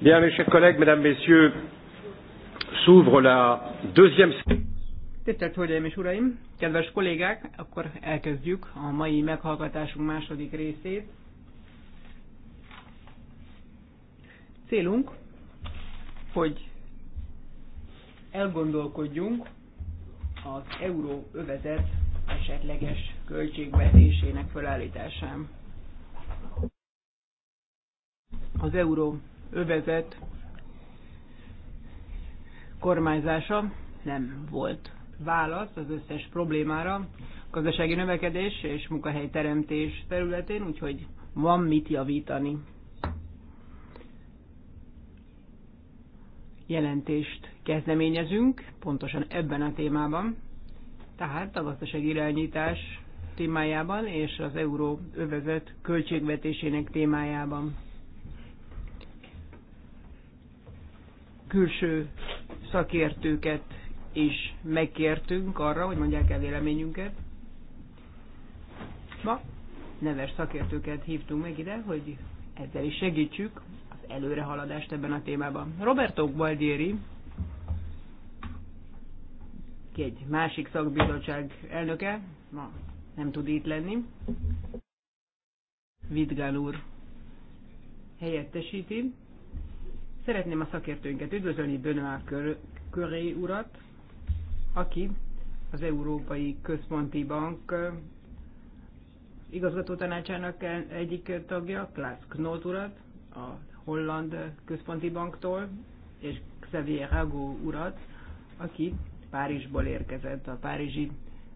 Bien, mes chers collègues, mesdames, messieurs, s'ouvre la deuxième... Tisztelt Hölgyeim és Uraim, kedves kollégák, akkor elkezdjük a mai meghallgatásunk második részét. Célunk, hogy elgondolkodjunk az euróövezet esetleges költségvetésének felállításán. Az euró övezet kormányzása nem volt válasz az összes problémára, gazdasági növekedés és munkahelyteremtés területén, úgyhogy van mit javítani. Jelentést kezdeményezünk, pontosan ebben a témában, tehát a gazdasági irányítás témájában és az euró övezet költségvetésének témájában. külső szakértőket is megkértünk arra, hogy mondják el véleményünket. Ma neves szakértőket hívtunk meg ide, hogy ezzel is segítsük az előrehaladást ebben a témában. Roberto Gualdieri, ki egy másik szakbizottság elnöke, ma nem tud itt lenni. Vidgán úr helyettesíti. Szeretném a szakértőinket üdvözölni Dönál köré urat, aki az Európai Központi Bank igazgató tanácsának egyik tagja, Klaas Knot urat, a Holland Központi Banktól, és Xavier Rago urat, aki Párizsból érkezett, a Párizsi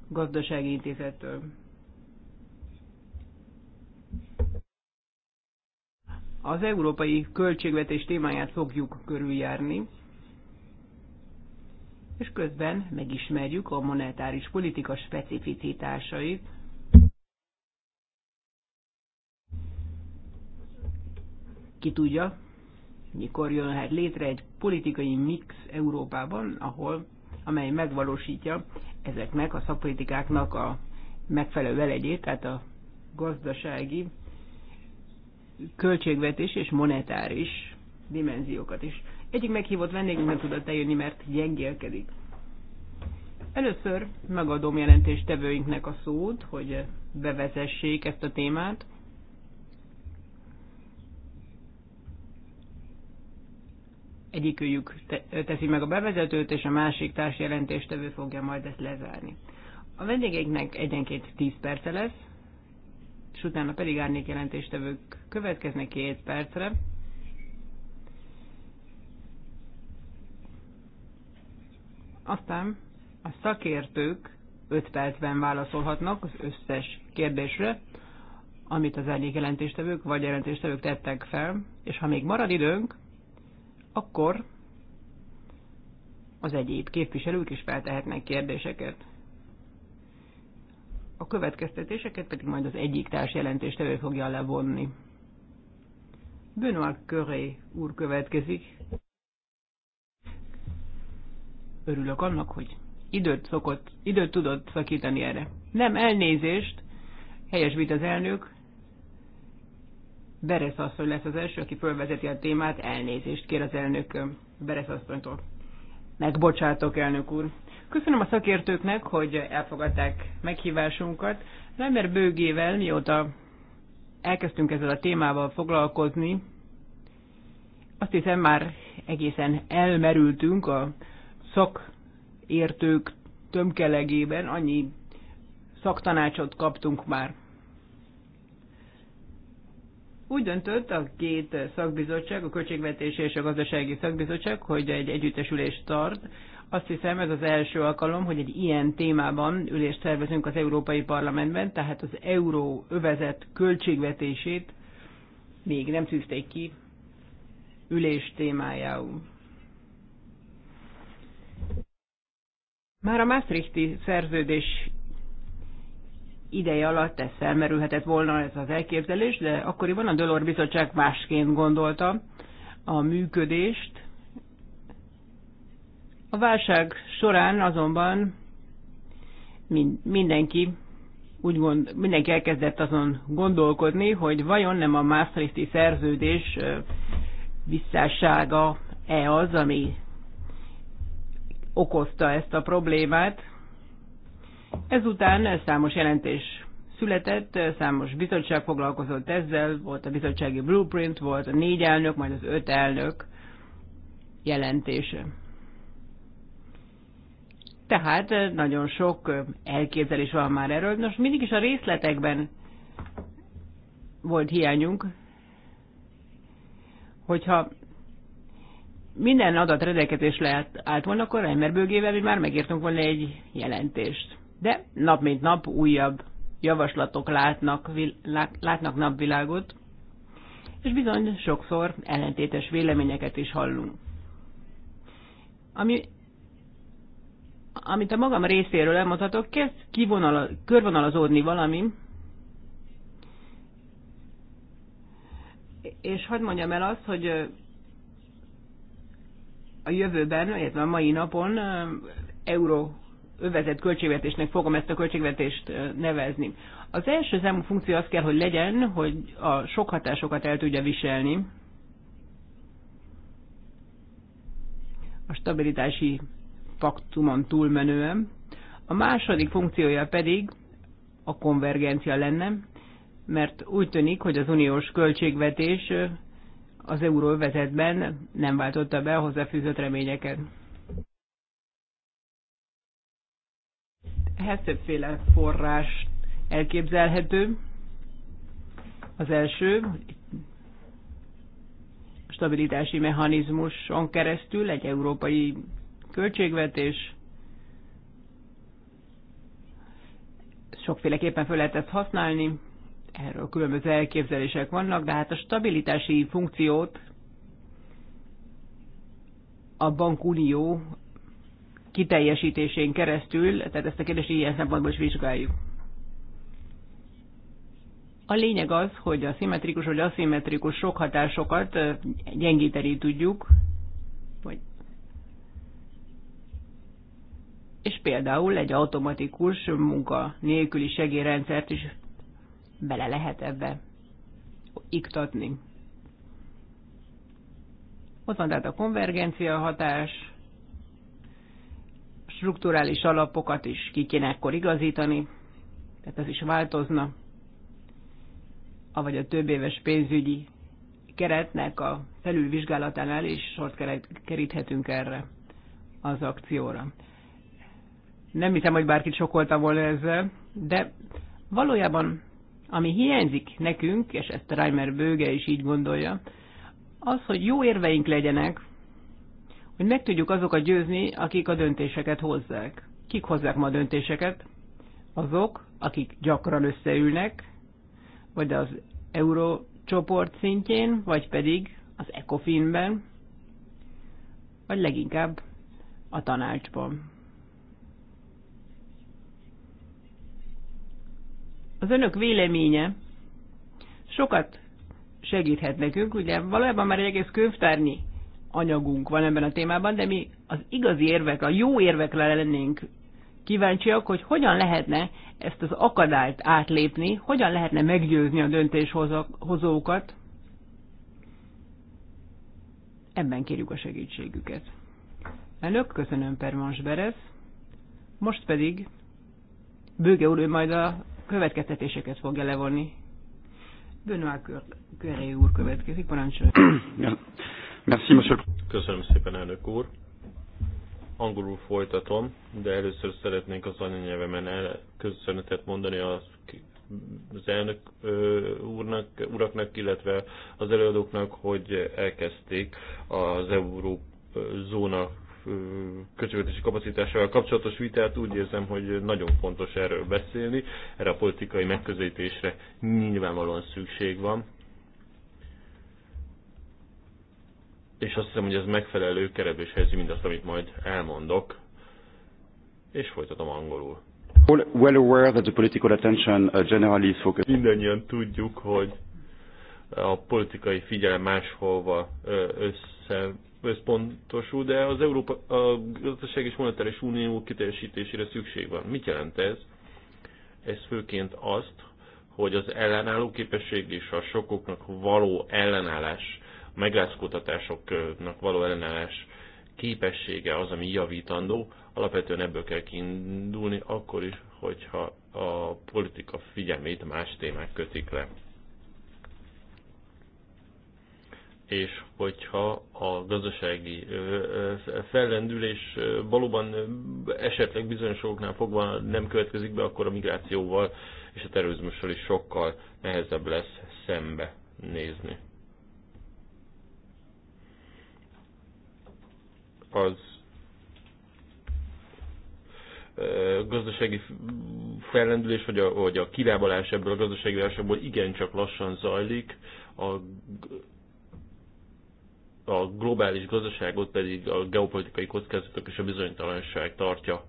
Gazdasági Intézettől. Az európai költségvetés témáját fogjuk körüljárni, és közben megismerjük a monetáris politika specificitásait. Ki tudja, mikor jönhet létre egy politikai mix Európában, ahol, amely megvalósítja ezeknek a szakpolitikáknak a megfelelő elegyét, tehát a gazdasági költségvetés és monetáris dimenziókat is. Egyik meghívott vendégünk nem tudott eljönni, mert gyengélkedik. Először megadom jelentéstevőinknek a szót, hogy bevezessék ezt a témát. Egyikőjük te- teszi meg a bevezetőt, és a másik társ jelentéstevő fogja majd ezt lezárni. A vendégeknek egyenként 10 perce lesz, és utána pedig árnyék jelentéstevők következnek két percre. Aztán a szakértők 5 percben válaszolhatnak az összes kérdésre, amit az egyik jelentéstevők vagy jelentéstevők tettek fel, és ha még marad időnk, akkor az egyéb képviselők is feltehetnek kérdéseket a következtetéseket pedig majd az egyik társ jelentéstevő fogja levonni. Benoit Köré úr következik. Örülök annak, hogy időt, szokott, időt tudott szakítani erre. Nem, elnézést, vit az elnök. Beresz asszony lesz az első, aki fölvezeti a témát, elnézést kér az elnök Beresz asszonytól. Megbocsátok, elnök úr. Köszönöm a szakértőknek, hogy elfogadták meghívásunkat. Reimer bőgével, mióta elkezdtünk ezzel a témával foglalkozni, azt hiszem már egészen elmerültünk a szakértők tömkelegében, annyi szaktanácsot kaptunk már. Úgy döntött a két szakbizottság, a Költségvetési és a Gazdasági Szakbizottság, hogy egy együttesülést tart. Azt hiszem ez az első alkalom, hogy egy ilyen témában ülést szervezünk az Európai Parlamentben, tehát az euró övezet költségvetését még nem tűzték ki ülés témájául. Már a Maastrichti szerződés ideje alatt ez felmerülhetett volna ez az elképzelés, de akkoriban a Dolor Bizottság másként gondolta a működést. A válság során azonban mindenki úgy gond, mindenki elkezdett azon gondolkodni, hogy vajon nem a Maastrichti szerződés visszássága e az, ami okozta ezt a problémát. Ezután számos jelentés született, számos bizottság foglalkozott ezzel, volt a bizottsági blueprint, volt a négy elnök, majd az öt elnök jelentése. Tehát nagyon sok elképzelés van már erről. Most mindig is a részletekben volt hiányunk, hogyha minden adat rendelkezésre állt volna, akkor bőgével mi már megírtunk volna egy jelentést de nap mint nap újabb javaslatok látnak, látnak napvilágot, és bizony sokszor ellentétes véleményeket is hallunk. Ami, amit a magam részéről elmondhatok, kezd kivonala, körvonalazódni valami, és hadd mondjam el azt, hogy a jövőben, illetve a mai napon euró övezett költségvetésnek fogom ezt a költségvetést nevezni. Az első számú funkció az kell, hogy legyen, hogy a sok hatásokat el tudja viselni. A stabilitási paktumon túlmenően. A második funkciója pedig a konvergencia lenne, mert úgy tűnik, hogy az uniós költségvetés az euróvezetben nem váltotta be a hozzáfűzött reményeket. hetedféle forrás elképzelhető. Az első, a stabilitási mechanizmuson keresztül egy európai költségvetés. Sokféleképpen fel lehet ezt használni, erről különböző elképzelések vannak, de hát a stabilitási funkciót a bankunió kiteljesítésén keresztül, tehát ezt a kérdést ilyen szempontból is vizsgáljuk. A lényeg az, hogy a szimmetrikus vagy aszimmetrikus sok hatásokat gyengíteni tudjuk, vagy és például egy automatikus munka nélküli segélyrendszert is bele lehet ebbe iktatni. Ott van tehát a konvergencia hatás, strukturális alapokat is ki kéne ekkor igazítani, tehát ez is változna, avagy a több éves pénzügyi keretnek a felülvizsgálatánál is sort keríthetünk erre az akcióra. Nem hiszem, hogy bárkit sokolta volna ezzel, de valójában ami hiányzik nekünk, és ezt Reimer Bőge is így gondolja, az, hogy jó érveink legyenek hogy meg tudjuk azokat győzni, akik a döntéseket hozzák. Kik hozzák ma a döntéseket? Azok, akik gyakran összeülnek, vagy az eurócsoport szintjén, vagy pedig az ECOFIN-ben, vagy leginkább a tanácsban. Az önök véleménye sokat segíthet nekünk, ugye valójában már egy egész könyvtárnyi anyagunk van ebben a témában, de mi az igazi érvek, a jó érvekre lennénk kíváncsiak, hogy hogyan lehetne ezt az akadályt átlépni, hogyan lehetne meggyőzni a döntéshozókat. Ebben kérjük a segítségüket. Önök, köszönöm Permans Berez. Most pedig Bőge úr, majd a következtetéseket fogja levonni. Bönvá Köré úr következik, parancsolat. Merci, monsieur. Köszönöm szépen, elnök úr. Angolul folytatom, de először szeretnék az anyanyelvemen el köszönetet mondani az, az elnök úrnak, uraknak, illetve az előadóknak, hogy elkezdték az eurózóna költségvetési kapacitásával kapcsolatos vitát úgy érzem, hogy nagyon fontos erről beszélni, erre a politikai megközelítésre nyilvánvalóan szükség van. és azt hiszem, hogy ez megfelelő keretbe helyzi, mint azt, amit majd elmondok, és folytatom angolul. Well aware that the political attention uh, generally is focused. Mindennyian tudjuk, hogy a politikai figyelem máshova össze, összpontosul, de az Európa, a gazdaság és monetáris unió kiteljesítésére szükség van. Mit jelent ez? Ez főként azt, hogy az ellenálló képesség és a sokoknak való ellenállás megrázkutatásoknak való ellenállás képessége az, ami javítandó, alapvetően ebből kell kiindulni akkor is, hogyha a politika figyelmét más témák kötik le. És hogyha a gazdasági fellendülés valóban esetleg bizonyos oknál fogva nem következik be, akkor a migrációval és a terrorizmussal is sokkal nehezebb lesz szembe nézni. az gazdasági fellendülés, vagy a, vagy a kirábalás ebből a gazdasági válságból igencsak lassan zajlik, a, a globális gazdaságot pedig a geopolitikai kockázatok és a bizonytalanság tartja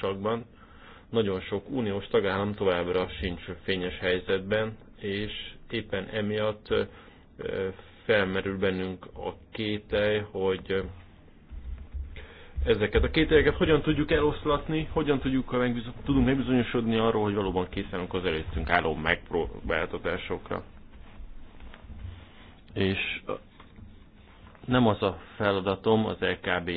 sakban. Nagyon sok uniós tagállam továbbra sincs fényes helyzetben, és éppen emiatt felmerül bennünk a kételj, hogy ezeket a kételyeket hogyan tudjuk eloszlatni, hogyan tudjuk, ha megbizony, tudunk megbizonyosodni arról, hogy valóban készenünk az előttünk álló megpróbáltatásokra. És nem az a feladatom az LKB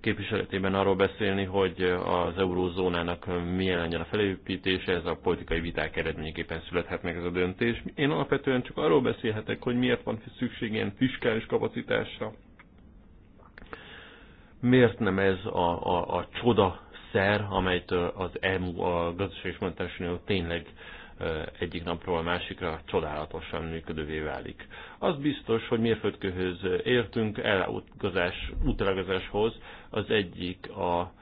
képviseletében arról beszélni, hogy az eurózónának milyen legyen a felépítése, ez a politikai viták eredményeképpen születhet meg ez a döntés. Én alapvetően csak arról beszélhetek, hogy miért van szükség ilyen fiskális kapacitásra, Miért nem ez a, a, a csoda szer, amelyet az EMU, a Gazdaság és tényleg egyik napról a másikra csodálatosan működővé válik. Az biztos, hogy mérföldkőhöz értünk, elutazás, útelagazáshoz az egyik a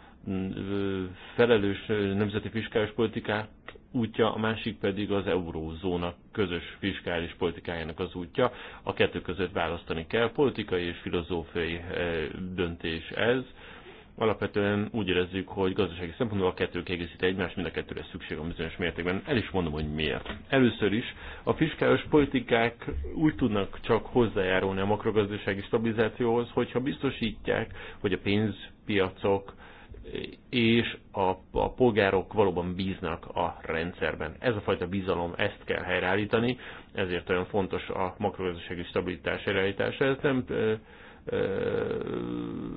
felelős nemzeti fiskális politikák útja, a másik pedig az eurózóna közös fiskális politikájának az útja. A kettő között választani kell. Politikai és filozófiai eh, döntés ez. Alapvetően úgy érezzük, hogy gazdasági szempontból a kettő kiegészíti egymást, mind a kettőre szükség van bizonyos mértékben. El is mondom, hogy miért. Először is a fiskális politikák úgy tudnak csak hozzájárulni a makrogazdasági stabilizációhoz, hogyha biztosítják, hogy a pénzpiacok, és a, a polgárok valóban bíznak a rendszerben. Ez a fajta bizalom, ezt kell helyreállítani, ezért olyan fontos a makrogazdasági stabilitás helyreállítása. Ez nem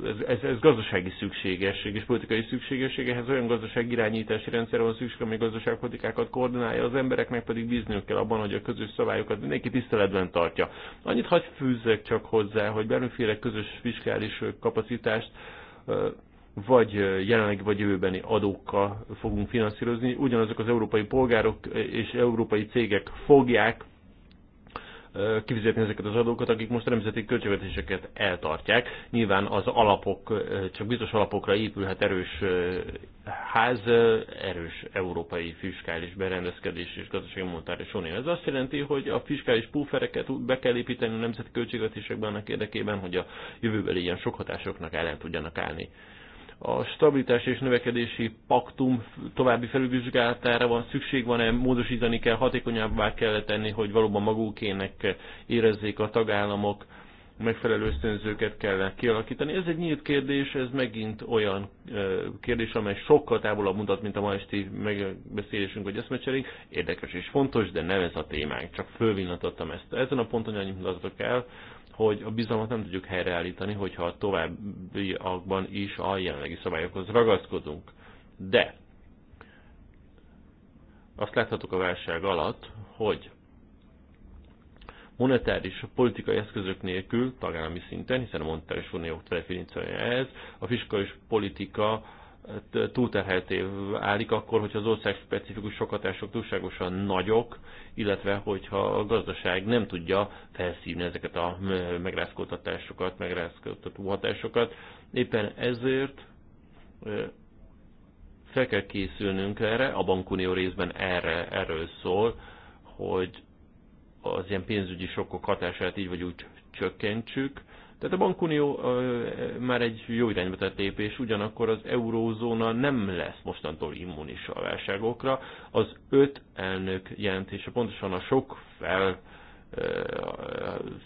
ez, ez, ez gazdasági szükségesség és politikai szükségesség, ehhez olyan gazdaságirányítási rendszer van szükség, ami gazdaságpolitikákat koordinálja, az embereknek pedig bízniuk kell abban, hogy a közös szabályokat mindenki tiszteletben tartja. Annyit hagy fűzzek csak hozzá, hogy bármiféle közös fiskális kapacitást vagy jelenleg vagy jövőbeni adókkal fogunk finanszírozni. Ugyanazok az európai polgárok és európai cégek fogják kifizetni ezeket az adókat, akik most nemzeti költségvetéseket eltartják. Nyilván az alapok, csak biztos alapokra épülhet erős ház, erős európai fiskális berendezkedés és gazdasági monetáris unió. Ez azt jelenti, hogy a fiskális puffereket be kell építeni a nemzeti költségvetésekben annak érdekében, hogy a jövőbeli ilyen sok hatásoknak ellen tudjanak állni a stabilitás és növekedési paktum további felülvizsgálatára van szükség, van-e módosítani kell, hatékonyabbá kell tenni, hogy valóban magukének érezzék a tagállamok, megfelelő ösztönzőket kell kialakítani. Ez egy nyílt kérdés, ez megint olyan kérdés, amely sokkal távolabb mutat, mint a ma esti megbeszélésünk vagy eszmecserénk. Érdekes és fontos, de nem ez a témánk, csak fölvillantottam ezt. Ezen a ponton annyit mutatok el, hogy a bizalmat nem tudjuk helyreállítani, hogyha a továbbiakban is a jelenlegi szabályokhoz ragaszkodunk. De azt láthatok a válság alatt, hogy monetáris politikai eszközök nélkül, tagállami szinten, hiszen a monetáris unió definíciója ez, a fiskális politika túlterhelté válik akkor, hogyha az ország specifikus sokatások túlságosan nagyok, illetve hogyha a gazdaság nem tudja felszívni ezeket a megrázkódhatásokat, megrázkódható hatásokat. Éppen ezért fel kell készülnünk erre, a bankunió részben erre, erről szól, hogy az ilyen pénzügyi sokkok hatását így vagy úgy csökkentsük, tehát a bankunió már egy jó irányba tett lépés, ugyanakkor az eurózóna nem lesz mostantól immunis a válságokra. Az öt elnök jelentése pontosan a sok fel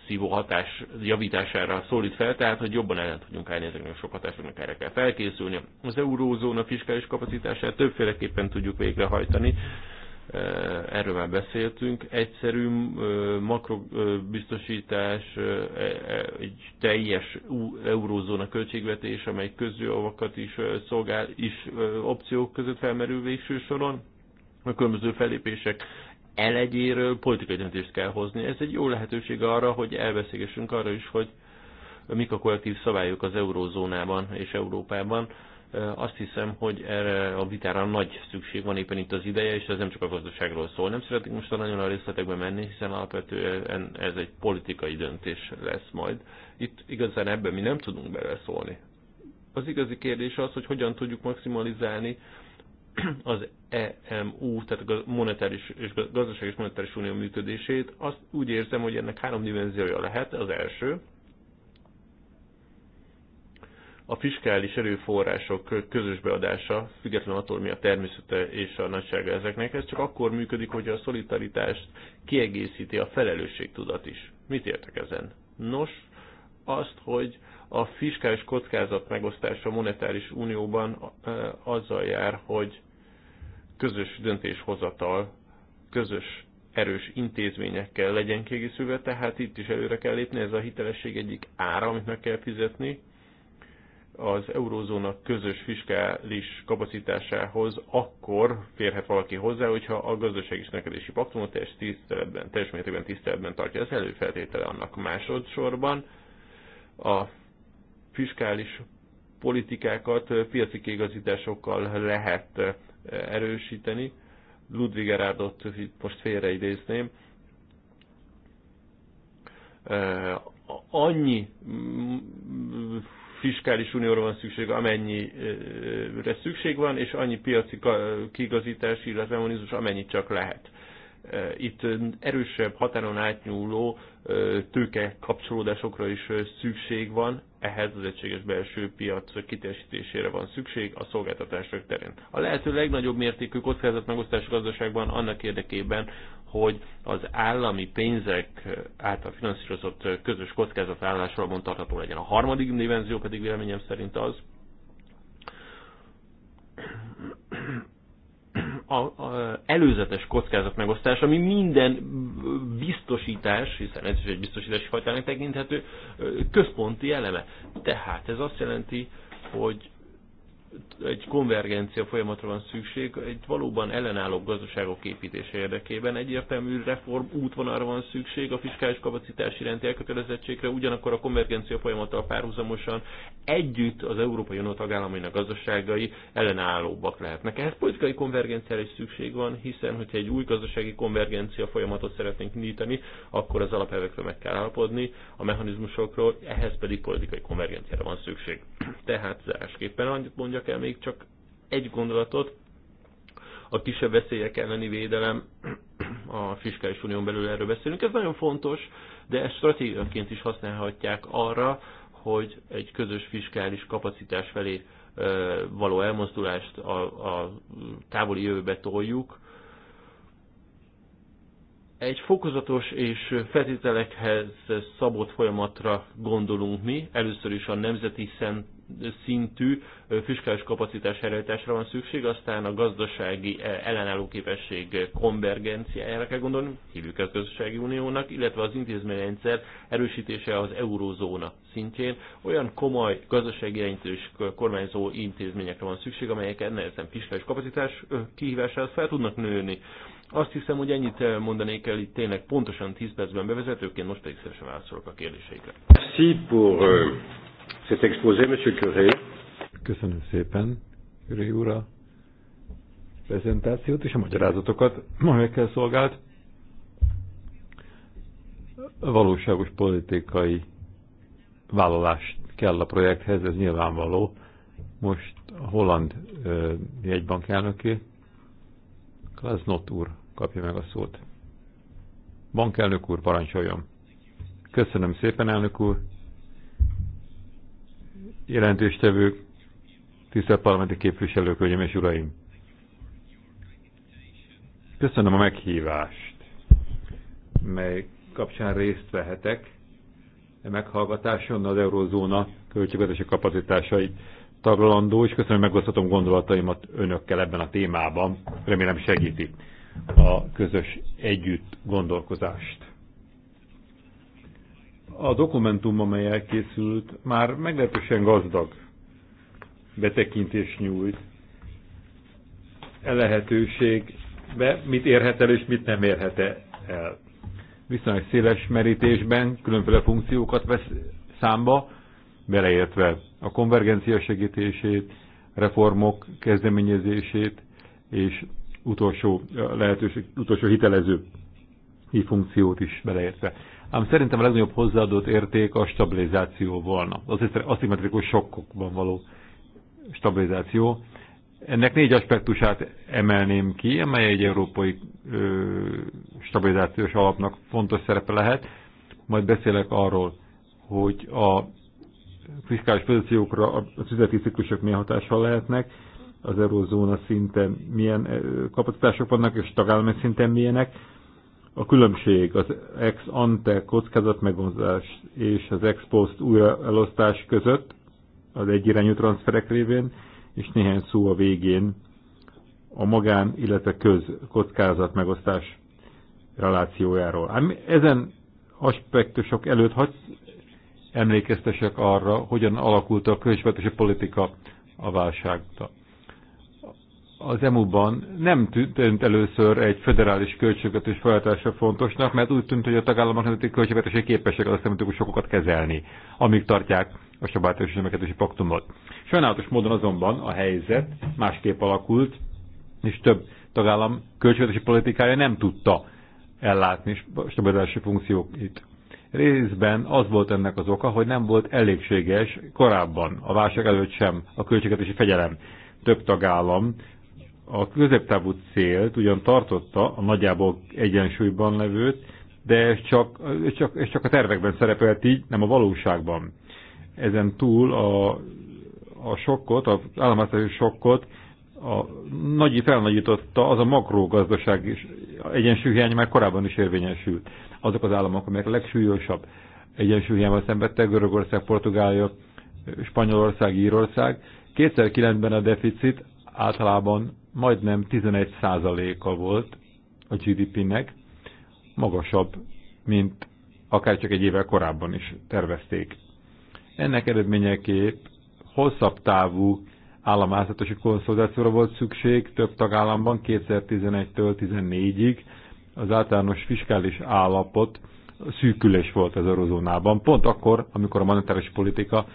szívó hatás javítására szólít fel, tehát hogy jobban ellen tudjunk állni ezeknek a sok hatásoknak erre kell felkészülni. Az eurózóna fiskális kapacitását többféleképpen tudjuk végrehajtani erről már beszéltünk, egyszerű makrobiztosítás, e, e, egy teljes eurózóna költségvetés, amely közül avakat is szolgál, is opciók között felmerül végső soron, a különböző felépések elegyéről politikai döntést kell hozni. Ez egy jó lehetőség arra, hogy elbeszélgessünk arra is, hogy mik a kollektív szabályok az eurózónában és Európában, azt hiszem, hogy erre a vitára nagy szükség van éppen itt az ideje, és ez nem csak a gazdaságról szól. Nem szeretnék most nagyon a részletekbe menni, hiszen alapvetően ez egy politikai döntés lesz majd. Itt igazán ebben mi nem tudunk beleszólni. Az igazi kérdés az, hogy hogyan tudjuk maximalizálni az EMU, tehát a monetáris és gazdaság és monetáris unió működését, azt úgy érzem, hogy ennek három dimenziója lehet. Az első, a fiskális erőforrások közös beadása, függetlenül attól, mi a természete és a nagysága ezeknek, ez csak akkor működik, hogy a szolidaritást kiegészíti a felelősségtudat is. Mit értek ezen? Nos, azt, hogy a fiskális kockázat megosztása a monetáris unióban eh, azzal jár, hogy közös döntéshozatal, közös erős intézményekkel legyen kiegészülve, tehát itt is előre kell lépni, ez a hitelesség egyik ára, amit meg kell fizetni, az eurózóna közös fiskális kapacitásához akkor férhet valaki hozzá, hogyha a gazdaság és növekedési paktumot teljes, tiszteletben, teljes mértékben tiszteletben tartja. Ez előfeltétele annak másodszorban. A fiskális politikákat piaci kiigazításokkal lehet eh, erősíteni. Ludwig Erárdot most félreidézném eh, annyi fiskális unióra van szükség, amennyire szükség van, és annyi piaci kigazítás, illetve monizmus, amennyit csak lehet. Itt erősebb határon átnyúló tőke kapcsolódásokra is szükség van, ehhez az egységes belső piac kitesítésére van szükség a szolgáltatások terén. A lehető legnagyobb mértékű kockázatmegosztás gazdaságban annak érdekében, hogy az állami pénzek által finanszírozott közös kockázatvállásról tartható legyen. A harmadik dimenzió pedig véleményem szerint az, a, a előzetes kockázat megosztás, ami minden biztosítás, hiszen ez is egy biztosítási fajtának tekinthető, központi eleme. Tehát ez azt jelenti, hogy egy konvergencia folyamatra van szükség, egy valóban ellenálló gazdaságok építése érdekében egyértelmű reform útvonalra van szükség a fiskális kapacitás iránti elkötelezettségre, ugyanakkor a konvergencia folyamattal párhuzamosan együtt az Európai Unió tagállamainak gazdaságai ellenállóbbak lehetnek. Ehhez politikai konvergenciára is szükség van, hiszen hogyha egy új gazdasági konvergencia folyamatot szeretnénk nyitani, akkor az alapelvekről meg kell állapodni, a mechanizmusokról, ehhez pedig politikai konvergenciára van szükség. Tehát zárásképpen annyit mondjak, mondjak el még csak egy gondolatot. A kisebb veszélyek elleni védelem a fiskális unión belül erről beszélünk. Ez nagyon fontos, de ezt stratégiaként is használhatják arra, hogy egy közös fiskális kapacitás felé való elmozdulást a, a távoli jövőbe toljuk. Egy fokozatos és feltételekhez szabott folyamatra gondolunk mi. Először is a nemzeti szent szintű fiskális kapacitás előállításra van szükség, aztán a gazdasági e, ellenálló képesség konvergenciájára kell gondolni, hívjuk ezt gazdasági uniónak, illetve az intézményrendszer erősítése az eurózóna szintjén. Olyan komoly gazdasági irányító és kormányzó intézményekre van szükség, amelyek ennél ezen fiskális kapacitás kihívásához fel tudnak nőni. Azt hiszem, hogy ennyit mondanék el itt tényleg pontosan 10 percben bevezetőként, most pedig szívesen válaszolok a kérdéseikre. Merci pour cet exposé, Monsieur Curé. Köszönöm szépen, Curé úr, prezentációt és a magyarázatokat, amelyekkel szolgált. Valóságos politikai vállalást kell a projekthez, ez nyilvánvaló. Most a holland ö, jegybank elnöki, Klaznot úr kapja meg a szót. Bankelnök úr, parancsoljon! Köszönöm szépen, elnök úr! jelentéstevők, tisztelt parlamenti képviselők, hölgyeim és uraim! Köszönöm a meghívást, mely kapcsán részt vehetek a e meghallgatáson az Eurózóna költségvetési kapacitásai taglalandó, és köszönöm, hogy megosztatom gondolataimat önökkel ebben a témában. Remélem segíti a közös együtt gondolkozást. A dokumentum, amely elkészült, már meglehetősen gazdag betekintést nyújt. E lehetőségbe mit érhet el és mit nem érhet e el. Viszonylag széles merítésben különféle funkciókat vesz számba, beleértve a konvergencia segítését, reformok kezdeményezését és utolsó lehetőség, utolsó hitelező funkciót is beleértve ám szerintem a legnagyobb hozzáadott érték a stabilizáció volna. Az aszimmetrikus sokkokban való stabilizáció. Ennek négy aspektusát emelném ki, amely egy európai ö, stabilizációs alapnak fontos szerepe lehet. Majd beszélek arról, hogy a fiskális pozíciókra a üzleti ciklusok milyen hatással lehetnek, az eurozóna szinten milyen kapacitások vannak, és tagállami szinten milyenek a különbség az ex ante kockázatmegonzás és az ex post újraelosztás között az egyirányú transferek révén, és néhány szó a végén a magán, illetve köz kockázatmegosztás megosztás relációjáról. Ám ezen aspektusok előtt hagy emlékeztesek arra, hogyan alakult a költségvetési politika a válságtal az EMU-ban nem tűnt először egy föderális költségvetés folyatása fontosnak, mert úgy tűnt, hogy a tagállamok nemzeti költségvetésé képesek az asztematikus sokokat kezelni, amíg tartják a sabátos és növekedési paktumot. Sajnálatos módon azonban a helyzet másképp alakult, és több tagállam költségvetési politikája nem tudta ellátni stabilizási funkcióit. Részben az volt ennek az oka, hogy nem volt elégséges korábban, a válság előtt sem a költségvetési fegyelem több tagállam a középtávú célt ugyan tartotta, a nagyjából egyensúlyban levőt, de ez csak, ez csak, ez csak a tervekben szerepelt így, nem a valóságban. Ezen túl a, a sokkot, az államháztatási sokkot a nagy, felnagyította az a makrogazdaság is, egyensúlyhiány már korábban is érvényesült. Azok az államok, amelyek a legsúlyosabb egyensúlyhiányban szenvedtek, Görögország, Portugália, Spanyolország, Írország. 2009-ben a deficit általában majdnem 11%-a volt a GDP-nek, magasabb, mint akár csak egy évvel korábban is tervezték. Ennek eredményeképp hosszabb távú államháztartási konszolidációra volt szükség több tagállamban 2011-től 14-ig. Az általános fiskális állapot szűkülés volt az eurozónában, pont akkor, amikor a monetáris politika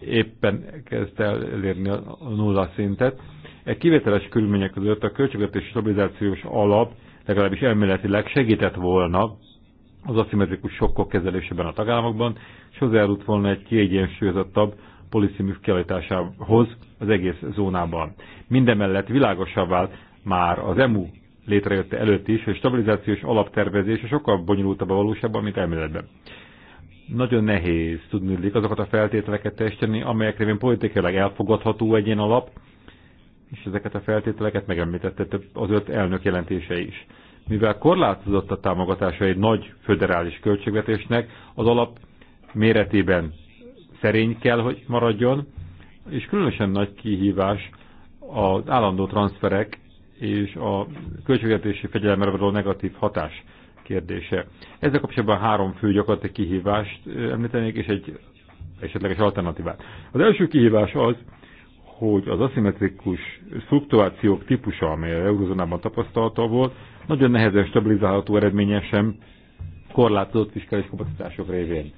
éppen kezdte elérni a nulla szintet, E kivételes körülmények között a költségvetési stabilizációs alap legalábbis elméletileg segített volna az aszimetrikus sokkok kezelésében a tagállamokban, és hozzájárult volna egy kiegyensúlyozottabb policy kialakításához az egész zónában. Mindemellett világosá vált már az EMU létrejötte előtt is, hogy stabilizációs alaptervezése sokkal bonyolultabb a valóságban, mint elméletben. Nagyon nehéz tudni azokat a feltételeket teljesíteni, amelyekre révén politikailag elfogadható egy ilyen alap, és ezeket a feltételeket megemlítette az öt elnök jelentése is. Mivel korlátozott a támogatása egy nagy föderális költségvetésnek, az alap méretében szerény kell, hogy maradjon, és különösen nagy kihívás az állandó transferek és a költségvetési fegyelemre való negatív hatás kérdése. Ezzel kapcsolatban három fő gyakorlati kihívást említenék, és egy esetleges alternatívát. Az első kihívás az, hogy az aszimmetrikus fluktuációk típusa, amely a eurozónában tapasztalta volt, nagyon nehezen stabilizálható eredményesen korlátozott fiskális kapacitások révén.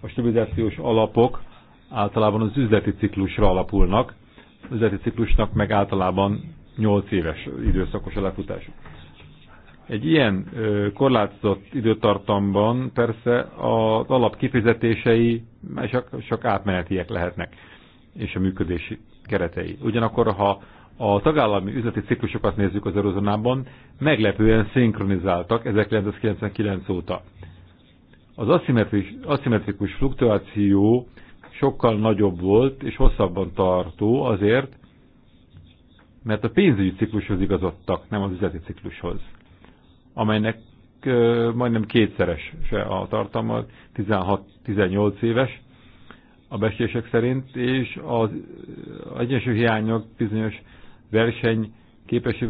A stabilizációs alapok általában az üzleti ciklusra alapulnak, az üzleti ciklusnak meg általában 8 éves időszakos a lefutásuk. Egy ilyen korlátozott időtartamban persze az alap kifizetései csak átmenetiek lehetnek, és a működési keretei. Ugyanakkor, ha a tagállami üzleti ciklusokat nézzük az eurozónában, meglepően szinkronizáltak 1999 óta. Az aszimmetrikus, fluktuáció sokkal nagyobb volt és hosszabban tartó azért, mert a pénzügyi ciklushoz igazodtak, nem az üzleti ciklushoz, amelynek majdnem kétszeres se a tartalma, 16-18 éves, a beszélések szerint, és az egyensúly hiányok bizonyos verseny, képes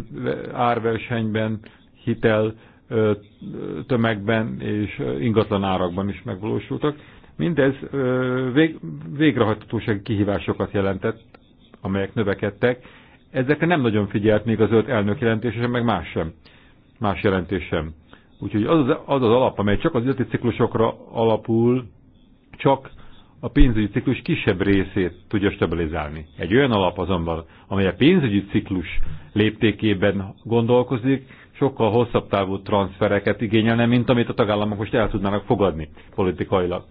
árversenyben, hitel tömegben és ingatlan árakban is megvalósultak. Mindez vég, végrehajtatósági kihívásokat jelentett, amelyek növekedtek. Ezekre nem nagyon figyelt még az öt elnök jelentése, sem, meg más sem. Más jelentés sem. Úgyhogy az az, az, az alap, amely csak az üzleti ciklusokra alapul, csak a pénzügyi ciklus kisebb részét tudja stabilizálni. Egy olyan alap azonban, amely a pénzügyi ciklus léptékében gondolkozik, sokkal hosszabb távú transfereket igényelne, mint amit a tagállamok most el tudnának fogadni politikailag.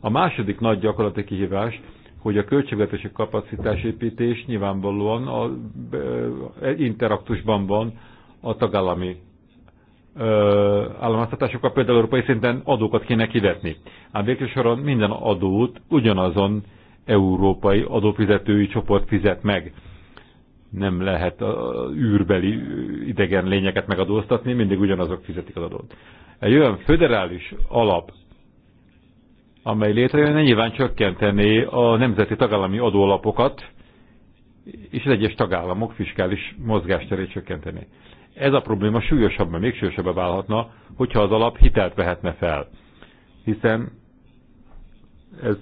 A második nagy gyakorlati kihívás, hogy a költségvetési kapacitásépítés nyilvánvalóan a, e, interaktusban van a tagállami államháztatásokkal, például európai szinten adókat kéne kivetni. Ám végső soron minden adót ugyanazon európai adófizetői csoport fizet meg. Nem lehet a űrbeli idegen lényeket megadóztatni, mindig ugyanazok fizetik az adót. Egy olyan föderális alap, amely létrejön, nyilván csökkentené a nemzeti tagállami adólapokat, és az egyes tagállamok fiskális mozgásterét csökkenteni. Ez a probléma súlyosabb, mert még súlyosabbá válhatna, hogyha az alap hitelt vehetne fel. Hiszen ez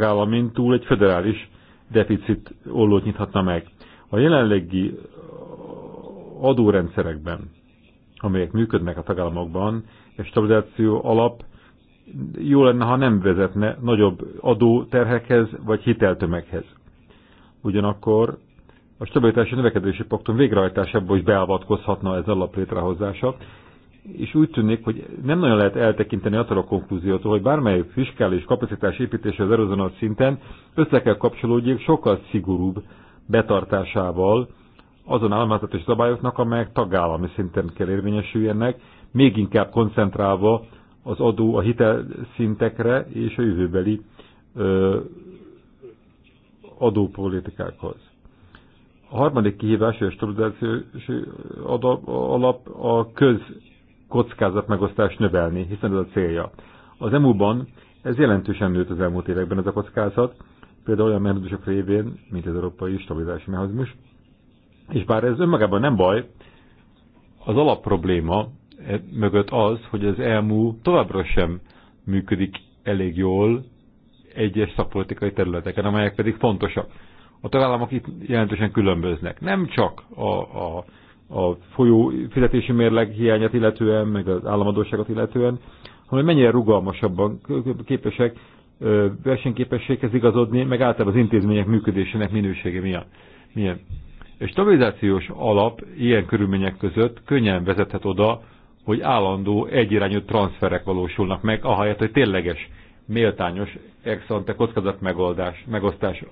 a mint túl egy föderális deficit ollót nyithatna meg. A jelenlegi adórendszerekben, amelyek működnek a tagállamokban, és stabilizáció alap jó lenne, ha nem vezetne nagyobb adóterhekhez vagy hiteltömeghez. Ugyanakkor a stabilitási növekedési paktum végrehajtásából is beavatkozhatna ez alap létrehozása. És úgy tűnik, hogy nem nagyon lehet eltekinteni attól a konklúziótól, hogy bármely fiskális kapacitás építése az erőzonat szinten össze kell kapcsolódjék sokkal szigorúbb betartásával azon államáltatási szabályoknak, amelyek tagállami szinten kell érvényesüljenek, még inkább koncentrálva az adó a hitelszintekre és a jövőbeli ö, adópolitikákhoz. A harmadik kihívás és stabilizációs alap a közkockázat megosztást növelni, hiszen ez a célja. Az EMU-ban ez jelentősen nőtt az elmúlt években ez a kockázat, például olyan mechanizmusok révén, mint az Európai Stabilizási Mechanizmus. És bár ez önmagában nem baj, az alapprobléma e mögött az, hogy az EMU továbbra sem működik elég jól egyes szakpolitikai területeken, amelyek pedig fontosak a tagállamok itt jelentősen különböznek. Nem csak a, a, a folyó fizetési mérleg hiányát illetően, meg az államadóságot illetően, hanem mennyire rugalmasabban képesek versenyképességhez igazodni, meg általában az intézmények működésének minősége milyen. milyen. És stabilizációs alap ilyen körülmények között könnyen vezethet oda, hogy állandó egyirányú transferek valósulnak meg, ahelyett, hogy tényleges, méltányos ex ante kockázatmegoldás, megosztás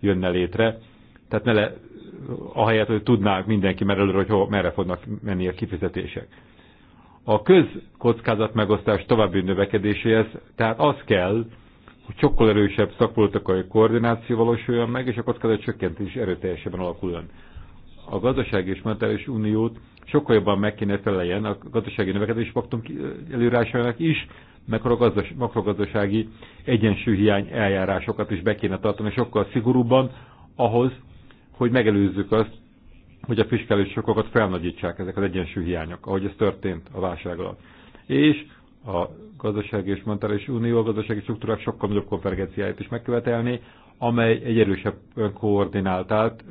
jönne létre. Tehát ne le, ahelyett, hogy tudnák mindenki már előre, hogy ho, merre fognak menni a kifizetések. A közkockázat megosztás további növekedéséhez, tehát az kell, hogy sokkal erősebb szakpolitikai koordináció valósuljon meg, és a kockázat csökkentés erőteljesebben alakuljon. A gazdasági és monetáris uniót sokkal jobban meg kéne feleljen a gazdasági növekedési paktum előrásainak is, meg a makrogazdasági egyensúlyhiány eljárásokat is be kéne tartani sokkal szigorúbban ahhoz, hogy megelőzzük azt, hogy a fiskális sokokat felnagyítsák ezek az egyensúlyhiányok, ahogy ez történt a válság alatt. És a gazdasági és monetáris unió a gazdasági struktúrák sokkal nagyobb konvergenciáját is megkövetelni, amely egy erősebb koordináltált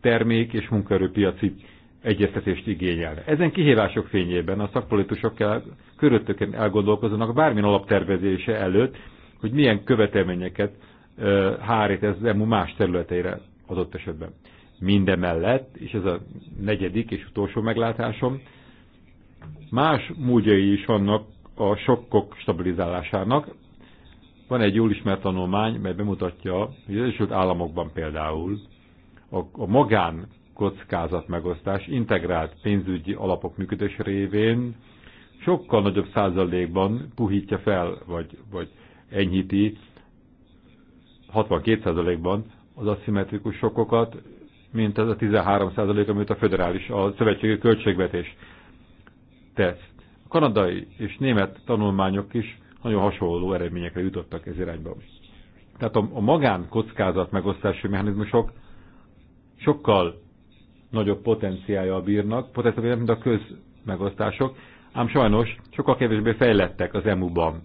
termék- és munkaerőpiaci egyeztetést igényel. Ezen kihívások fényében a szakpolitusok kell körülöttőként elgondolkozzanak bármilyen alaptervezése előtt, hogy milyen követelményeket hárít ez az EMU más területeire adott esetben. Mindemellett, és ez a negyedik és utolsó meglátásom, más módjai is vannak a sokkok stabilizálásának. Van egy jól ismert tanulmány, mely bemutatja, hogy az Egyesült Államokban például a, a magán kockázatmegosztás integrált pénzügyi alapok működés révén sokkal nagyobb százalékban puhítja fel, vagy, vagy enyhíti 62 százalékban az aszimmetrikus sokokat, mint ez a 13%, amit a föderális, a szövetségi költségvetés tesz. A kanadai és német tanulmányok is nagyon hasonló eredményekre jutottak ez irányba. Tehát a, a magán kockázat megosztási mechanizmusok sokkal nagyobb potenciája bírnak, potenciája, mint a közmegosztások, ám sajnos sokkal kevésbé fejlettek az EMU-ban.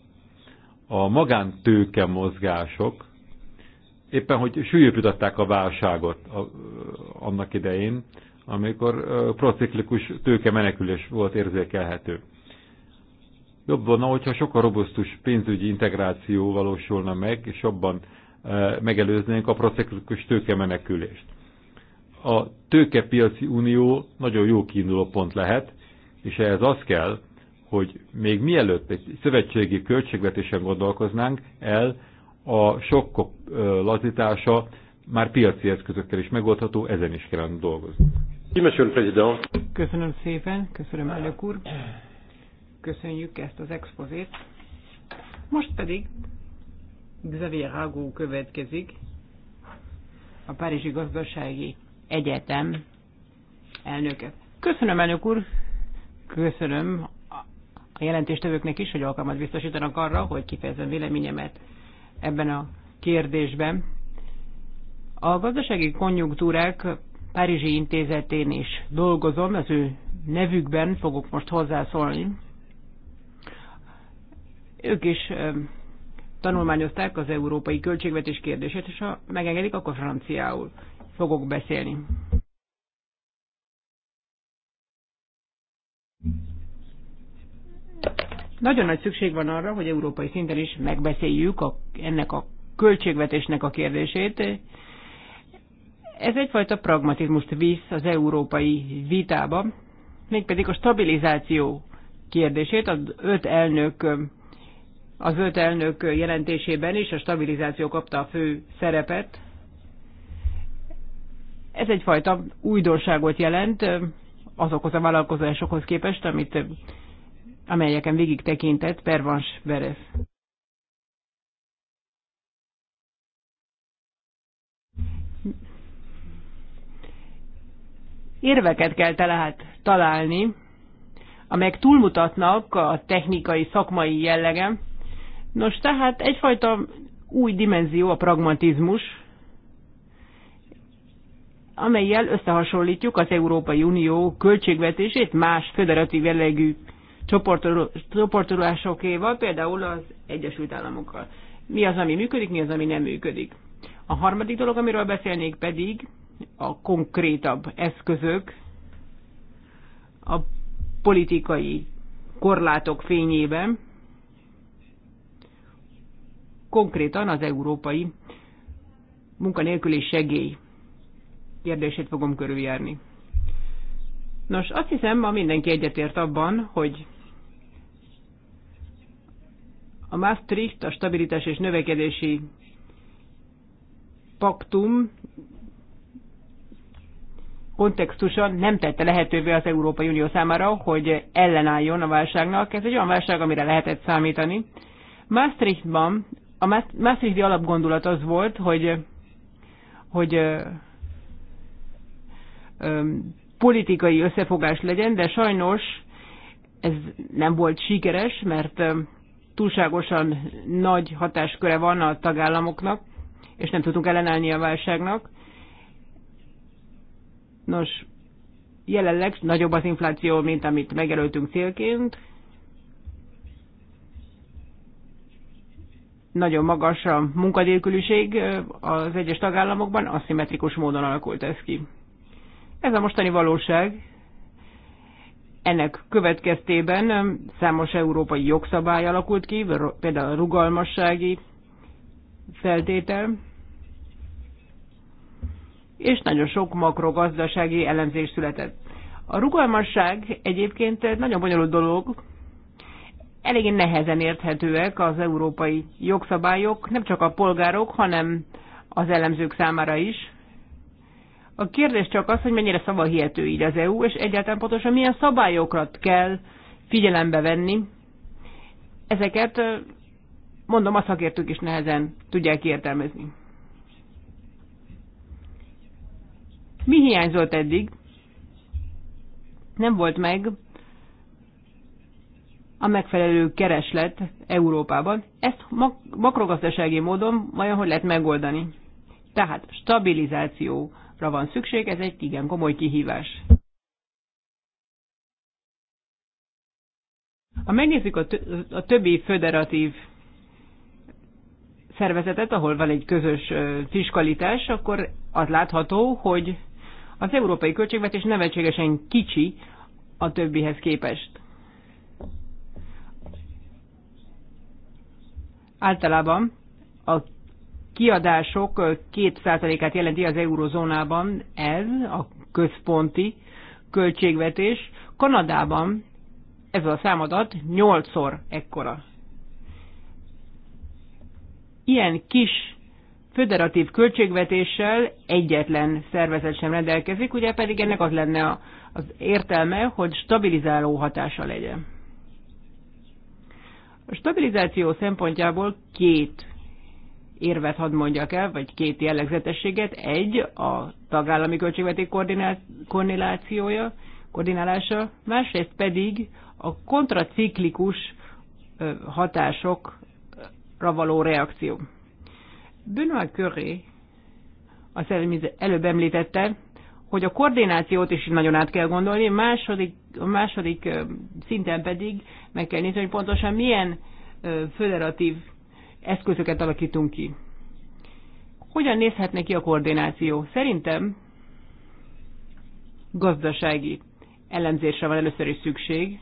A magántőke mozgások éppen, hogy sűrűpítatták a válságot a, annak idején, amikor prociklikus tőke menekülés volt érzékelhető. Jobb volna, hogyha sokkal robusztus pénzügyi integráció valósulna meg, és jobban megelőznénk a prociklikus tőke menekülést a tőkepiaci unió nagyon jó kiinduló pont lehet, és ehhez az kell, hogy még mielőtt egy szövetségi költségvetésen gondolkoznánk el, a sokkok lazítása már piaci eszközökkel is megoldható, ezen is kellene dolgozni. Köszönöm szépen, köszönöm elnök úr, köszönjük ezt az expozét. Most pedig Xavier Rago következik, a Párizsi Gazdasági Egyetem elnöke. Köszönöm, elnök úr! Köszönöm a jelentéstevőknek is, hogy alkalmat biztosítanak arra, hogy kifejezem véleményemet ebben a kérdésben. A gazdasági konjunktúrák Párizsi Intézetén is dolgozom, az ő nevükben fogok most hozzászólni. Ők is tanulmányozták az európai költségvetés kérdését, és ha megengedik, akkor franciául fogok beszélni. Nagyon nagy szükség van arra, hogy európai szinten is megbeszéljük a, ennek a költségvetésnek a kérdését. Ez egyfajta pragmatizmust visz az európai vitába, mégpedig a stabilizáció kérdését az öt elnök az öt elnök jelentésében is a stabilizáció kapta a fő szerepet. Ez egyfajta újdonságot jelent azokhoz a vállalkozásokhoz képest, amit, amelyeken végig tekintett Pervans Berez. Érveket kell tehát találni, amelyek túlmutatnak a technikai, szakmai jellege. Nos, tehát egyfajta új dimenzió a pragmatizmus, amelyel összehasonlítjuk az Európai Unió költségvetését más federatív jellegű csoportolásokéval, például az Egyesült Államokkal. Mi az, ami működik, mi az, ami nem működik. A harmadik dolog, amiről beszélnék pedig a konkrétabb eszközök a politikai korlátok fényében, konkrétan az európai munkanélküli segély kérdését fogom körüljárni. Nos, azt hiszem, ma mindenki egyetért abban, hogy a Maastricht, a stabilitás és növekedési paktum kontextusa nem tette lehetővé az Európai Unió számára, hogy ellenálljon a válságnak. Ez egy olyan válság, amire lehetett számítani. Maastrichtban a Maastrichti alapgondolat az volt, hogy, hogy politikai összefogás legyen, de sajnos ez nem volt sikeres, mert túlságosan nagy hatásköre van a tagállamoknak, és nem tudunk ellenállni a válságnak. Nos, jelenleg nagyobb az infláció, mint amit megjelöltünk célként. Nagyon magas a munkadélküliség az egyes tagállamokban, aszimmetrikus módon alakult ez ki. Ez a mostani valóság. Ennek következtében számos európai jogszabály alakult ki, például a rugalmassági feltétel, és nagyon sok makrogazdasági elemzés született. A rugalmasság egyébként nagyon bonyolult dolog, eléggé nehezen érthetőek az európai jogszabályok, nem csak a polgárok, hanem az elemzők számára is. A kérdés csak az, hogy mennyire szavahihető így az EU, és egyáltalán pontosan milyen szabályokat kell figyelembe venni. Ezeket, mondom, a szakértők is nehezen tudják értelmezni. Mi hiányzott eddig? Nem volt meg a megfelelő kereslet Európában. Ezt makrogazdasági módon vajon hogy lehet megoldani? Tehát stabilizáció, reformra van szükség, ez egy igen komoly kihívás. Ha megnézzük a, a többi föderatív szervezetet, ahol van egy közös fiskalitás, akkor az látható, hogy az európai költségvetés nevetségesen kicsi a többihez képest. Általában a kiadások 2%-át jelenti az eurozónában ez, a központi költségvetés. Kanadában ez a számadat 8-szor ekkora. Ilyen kis föderatív költségvetéssel egyetlen szervezet sem rendelkezik, ugye pedig ennek az lenne az értelme, hogy stabilizáló hatása legyen. A stabilizáció szempontjából két érvet hadd mondjak el, vagy két jellegzetességet. Egy, a tagállami költségvetés koordinációja, koordinálása, másrészt pedig a kontraciklikus hatásokra való reakció. Benoit Curé az előbb említette, hogy a koordinációt is nagyon át kell gondolni, második, a második szinten pedig meg kell nézni, hogy pontosan milyen föderatív eszközöket alakítunk ki. Hogyan nézhetne ki a koordináció? Szerintem gazdasági ellenzésre van először is szükség.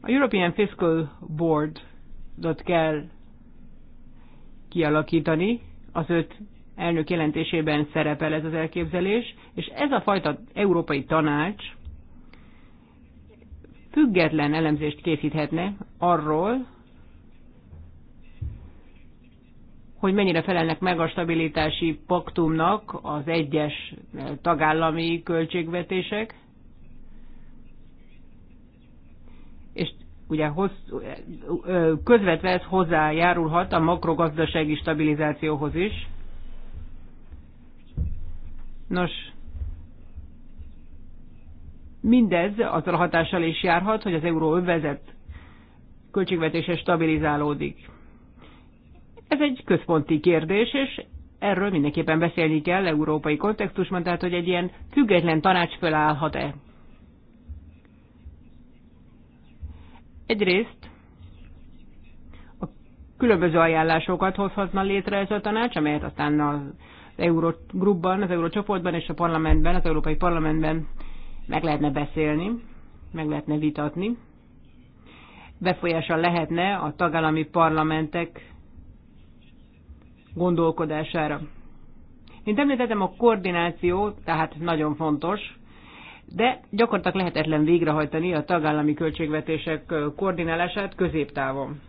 A European Fiscal Board-ot kell kialakítani, az öt elnök jelentésében szerepel ez az elképzelés, és ez a fajta európai tanács független elemzést készíthetne arról, hogy mennyire felelnek meg a stabilitási paktumnak az egyes eh, tagállami költségvetések, és ugye eh, eh, közvetve ez hozzájárulhat a makrogazdasági stabilizációhoz is. Nos, Mindez az a hatással is járhat, hogy az euró övezet költségvetése stabilizálódik. Ez egy központi kérdés, és erről mindenképpen beszélni kell európai kontextusban, tehát hogy egy ilyen független tanács fölállhat-e. Egyrészt a különböző ajánlásokat hozhatna létre ez a tanács, amelyet aztán az Eurogrupban, az Eurócsoportban és a parlamentben, az Európai Parlamentben meg lehetne beszélni, meg lehetne vitatni. Befolyása lehetne a tagállami parlamentek gondolkodására. Mint említettem, a koordináció tehát nagyon fontos, de gyakorlatilag lehetetlen végrehajtani a tagállami költségvetések koordinálását középtávon.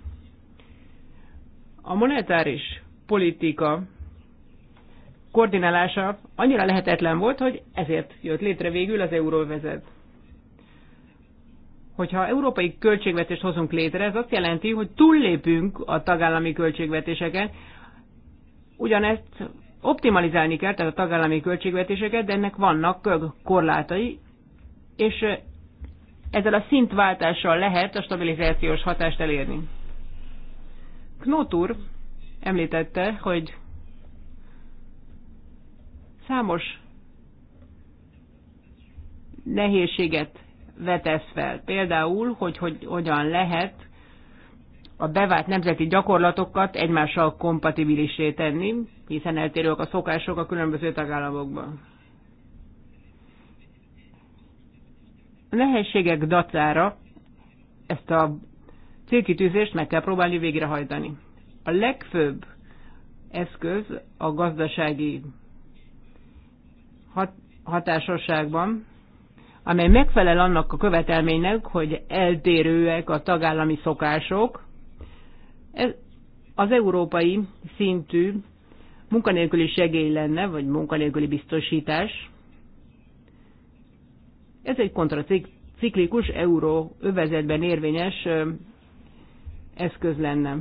A monetáris politika koordinálása annyira lehetetlen volt, hogy ezért jött létre végül az euróvezet. Hogyha európai költségvetést hozunk létre, ez azt jelenti, hogy túllépünk a tagállami költségvetéseken, ugyanezt optimalizálni kell, tehát a tagállami költségvetéseket, de ennek vannak korlátai, és ezzel a szintváltással lehet a stabilizációs hatást elérni. Knotur említette, hogy számos nehézséget vetesz fel. Például, hogy, hogy hogyan lehet a bevált nemzeti gyakorlatokat egymással kompatibilisé tenni, hiszen eltérők a szokások a különböző tagállamokban. A nehézségek dacára ezt a célkitűzést meg kell próbálni végrehajtani. A legfőbb eszköz a gazdasági hat, hatásosságban, amely megfelel annak a követelménynek, hogy eltérőek a tagállami szokások. Ez az európai szintű munkanélküli segély lenne, vagy munkanélküli biztosítás. Ez egy kontraciklikus euró övezetben érvényes eszköz lenne.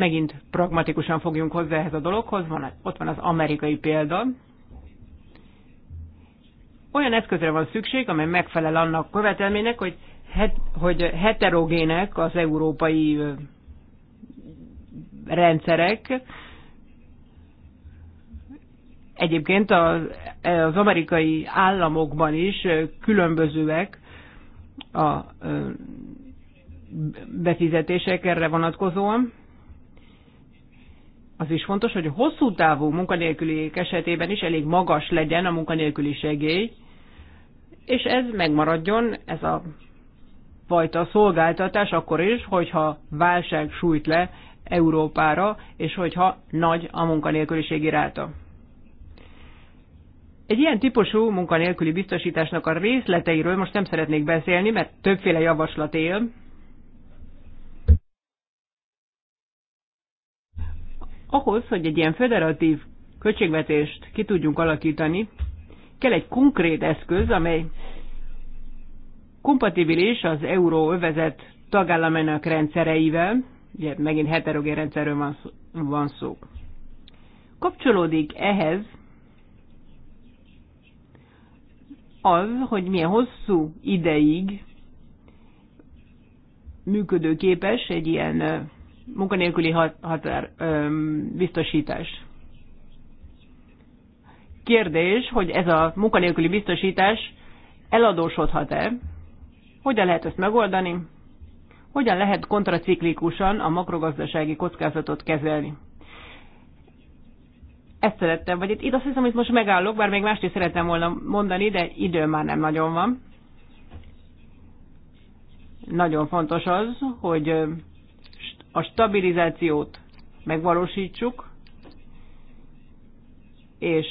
Megint pragmatikusan fogjunk hozzá ehhez a dologhoz, van, ott van az amerikai példa. Olyan eszközre van szükség, amely megfelel annak követelménynek, hogy, het, hogy heterogének az európai rendszerek, Egyébként az, az amerikai államokban is különbözőek a befizetések erre vonatkozóan az is fontos, hogy a hosszú távú munkanélküli esetében is elég magas legyen a munkanélküli segély, és ez megmaradjon, ez a fajta szolgáltatás akkor is, hogyha válság sújt le Európára, és hogyha nagy a munkanélküliség iráta. Egy ilyen típusú munkanélküli biztosításnak a részleteiről most nem szeretnék beszélni, mert többféle javaslat él, Ahhoz, hogy egy ilyen federatív költségvetést ki tudjunk alakítani, kell egy konkrét eszköz, amely kompatibilis az euróövezet tagállamának rendszereivel, ugye megint heterogén rendszerről van szó, van szó. Kapcsolódik ehhez az, hogy milyen hosszú ideig működőképes egy ilyen munkanélküli határ biztosítás. Kérdés, hogy ez a munkanélküli biztosítás eladósodhat-e? Hogyan lehet ezt megoldani? Hogyan lehet kontraciklikusan a makrogazdasági kockázatot kezelni? Ezt szerettem, vagy itt, itt azt hiszem, hogy most megállok, bár még mást is szerettem volna mondani, de idő már nem nagyon van. Nagyon fontos az, hogy a stabilizációt megvalósítsuk, és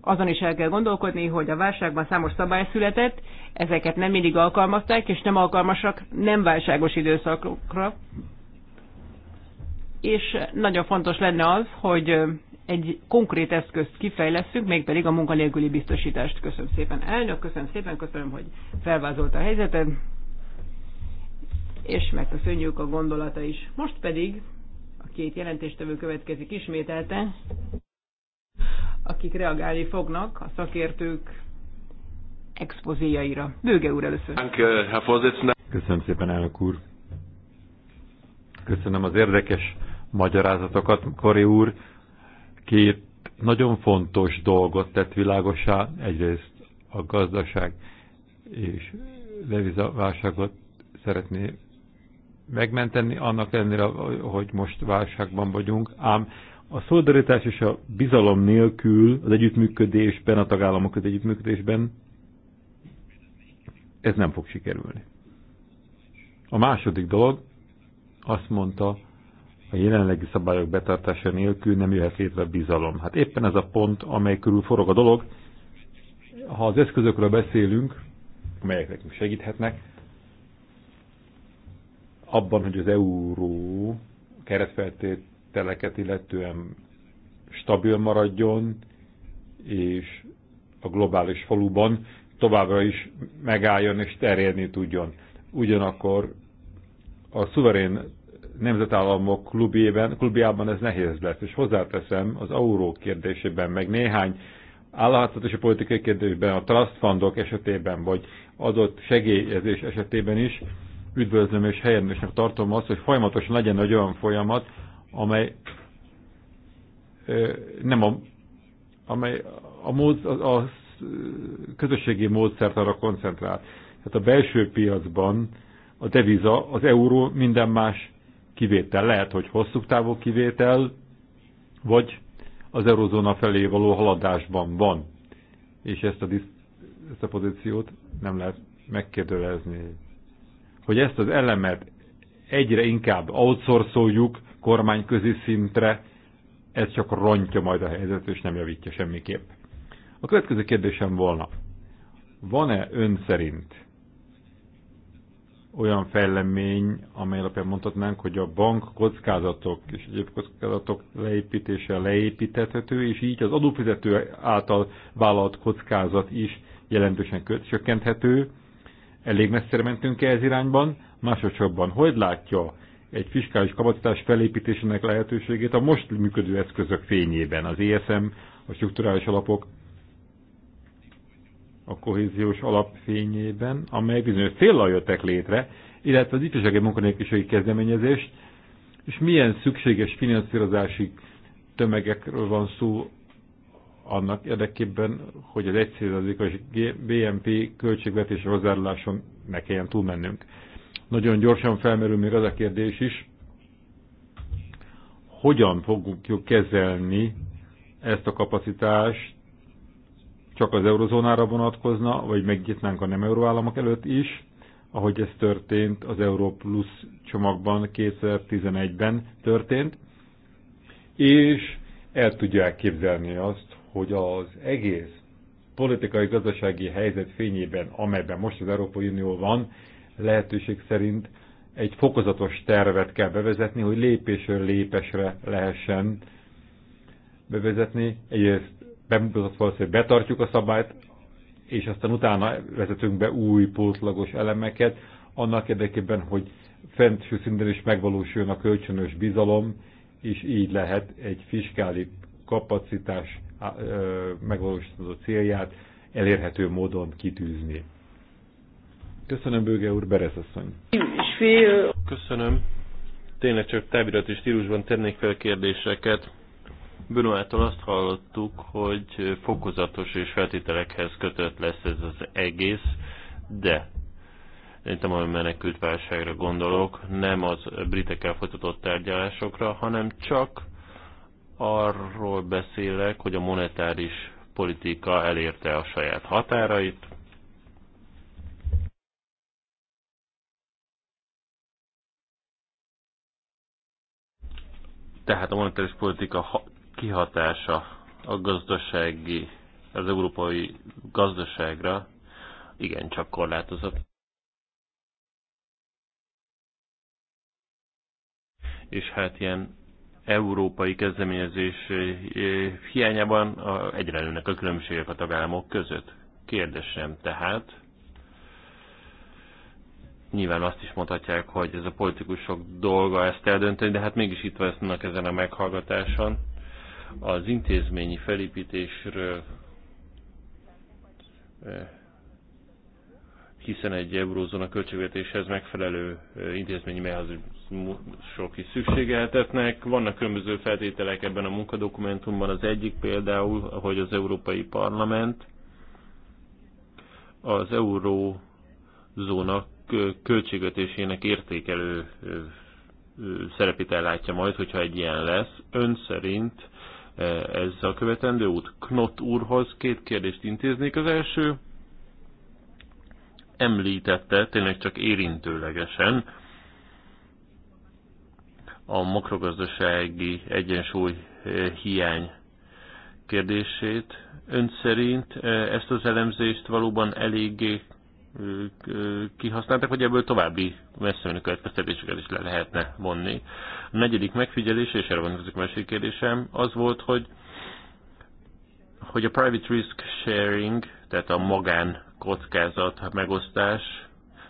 azon is el kell gondolkodni, hogy a válságban számos szabály született, ezeket nem mindig alkalmazták, és nem alkalmasak nem válságos időszakokra. És nagyon fontos lenne az, hogy egy konkrét eszközt kifejleszünk, mégpedig a munkanélküli biztosítást. Köszönöm szépen, elnök, köszönöm szépen, köszönöm, hogy felvázolta a helyzetet és meg a a gondolata is. Most pedig a két jelentéstevő következik ismételte, akik reagálni fognak a szakértők expozéjaira. Bőge úr először. Köszönöm szépen, elnök úr. Köszönöm az érdekes magyarázatokat, Kori úr. Két nagyon fontos dolgot tett világosá, egyrészt a gazdaság és devizaválságot szeretné megmenteni, annak ellenére, hogy most válságban vagyunk, ám a szolidaritás és a bizalom nélkül az együttműködésben, a tagállamok között együttműködésben ez nem fog sikerülni. A második dolog, azt mondta, a jelenlegi szabályok betartása nélkül nem jöhet létre a bizalom. Hát éppen ez a pont, amely körül forog a dolog. Ha az eszközökről beszélünk, amelyek nekünk segíthetnek, abban, hogy az euró keretfeltételeket illetően stabil maradjon, és a globális faluban továbbra is megálljon és terjedni tudjon. Ugyanakkor a szuverén nemzetállamok klubjében, klubjában ez nehéz lesz, és hozzáteszem az euró kérdésében, meg néhány állhatatos politikai kérdésben, a trust fundok esetében, vagy adott segélyezés esetében is, üdvözlöm és helyenesnek tartom azt, hogy folyamatosan legyen egy olyan folyamat, amely nem a, amely a, mód, a, a közösségi módszert arra koncentrál. Tehát a belső piacban a deviza, az euró minden más kivétel. Lehet, hogy hosszú távú kivétel, vagy az eurozóna felé való haladásban van. És ezt a, ezt a pozíciót nem lehet megkérdőlezni hogy ezt az elemet egyre inkább outsourcoljuk kormányközi szintre, ez csak rontja majd a helyzetet, és nem javítja semmiképp. A következő kérdésem volna, van-e ön szerint olyan fejlemény, amely alapján mondhatnánk, hogy a bank kockázatok és egyéb kockázatok leépítése leépíthető, és így az adófizető által vállalt kockázat is jelentősen csökkenthető, Elég messzire mentünk -e ez irányban? Másodszorban, hogy látja egy fiskális kapacitás felépítésének lehetőségét a most működő eszközök fényében, az ESM, a strukturális alapok, a kohéziós alap fényében, amely bizonyos célra jöttek létre, illetve az ifjúsági munkanélküliségi kezdeményezést, és milyen szükséges finanszírozási tömegekről van szó annak érdekében, hogy az 1%-os BNP költségvetési hozzáálláson ne kelljen túlmennünk. Nagyon gyorsan felmerül még az a kérdés is, hogyan fogjuk kezelni ezt a kapacitást, csak az eurozónára vonatkozna, vagy megnyitnánk a nem euróállamok előtt is, ahogy ez történt az Euró Plus csomagban 2011-ben történt, és el tudják képzelni azt, hogy az egész politikai-gazdasági helyzet fényében, amelyben most az Európai Unió van, lehetőség szerint egy fokozatos tervet kell bevezetni, hogy lépésről lépesre lehessen bevezetni. Egyrészt bemutatott azt, hogy betartjuk a szabályt, és aztán utána vezetünk be új pótlagos elemeket, annak érdekében, hogy fent szinten is megvalósuljon a kölcsönös bizalom, és így lehet egy fiskális kapacitás megvalósítható célját elérhető módon kitűzni. Köszönöm, Bőge úr, Berez asszony. Köszönöm. Tényleg csak távirat és stílusban tennék fel kérdéseket. Brunoától azt hallottuk, hogy fokozatos és feltételekhez kötött lesz ez az egész, de én nem a menekült válságra gondolok, nem az britekkel folytatott tárgyalásokra, hanem csak arról beszélek, hogy a monetáris politika elérte a saját határait. Tehát a monetáris politika kihatása a gazdasági, az európai gazdaságra igencsak korlátozott. És hát ilyen európai kezdeményezés eh, eh, hiányában egyre nőnek a különbségek a tagállamok között. Kérdésem tehát, nyilván azt is mondhatják, hogy ez a politikusok dolga ezt eldönteni, de hát mégis itt vesznek ezen a meghallgatáson. Az intézményi felépítésről eh, hiszen egy eurózóna költségvetéshez megfelelő intézményi mechanizmusok is szükségeltetnek. Vannak különböző feltételek ebben a munkadokumentumban. Az egyik például, hogy az Európai Parlament az eurózóna költségvetésének értékelő szerepét ellátja majd, hogyha egy ilyen lesz. Ön szerint e, ez a követendő út. Knott úrhoz két kérdést intéznék. Az első, említette, tényleg csak érintőlegesen, a makrogazdasági egyensúly eh, hiány kérdését. Ön szerint eh, ezt az elemzést valóban eléggé eh, kihasználták, hogy ebből további messzemenő következtetéseket is le lehetne vonni. A negyedik megfigyelés, és erre vonatkozik a másik kérdésem, az volt, hogy hogy a private risk sharing, tehát a magán kockázat megosztás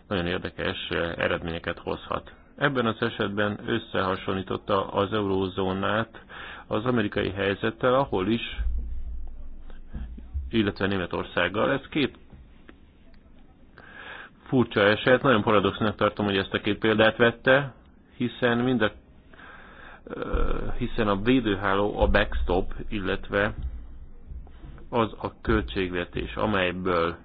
nagyon érdekes eredményeket hozhat. Ebben az esetben összehasonlította az eurózónát az amerikai helyzettel, ahol is, illetve Németországgal. Ez két furcsa eset, nagyon paradoxnak tartom, hogy ezt a két példát vette, hiszen mind a hiszen a védőháló a backstop, illetve az a költségvetés, amelyből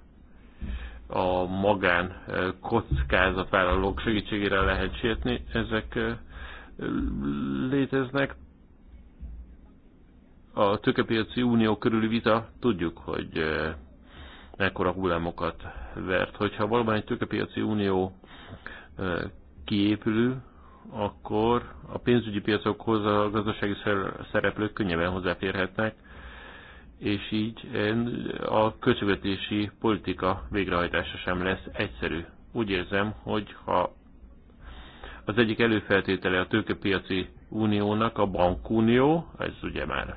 a magán eh, kockázatvállalók segítségére lehet sietni, ezek eh, léteznek. A tőkepiaci unió körüli vita tudjuk, hogy eh, mekkora hullámokat vert. Hogyha valóban egy tőkepiaci unió kiépülő, akkor a pénzügyi piacokhoz a gazdasági szereplők könnyebben hozzáférhetnek, és így eh, a költségvetési politika végrehajtása sem lesz egyszerű. Úgy érzem, hogy ha az egyik előfeltétele a tőkepiaci uniónak a bankunió, ez ugye már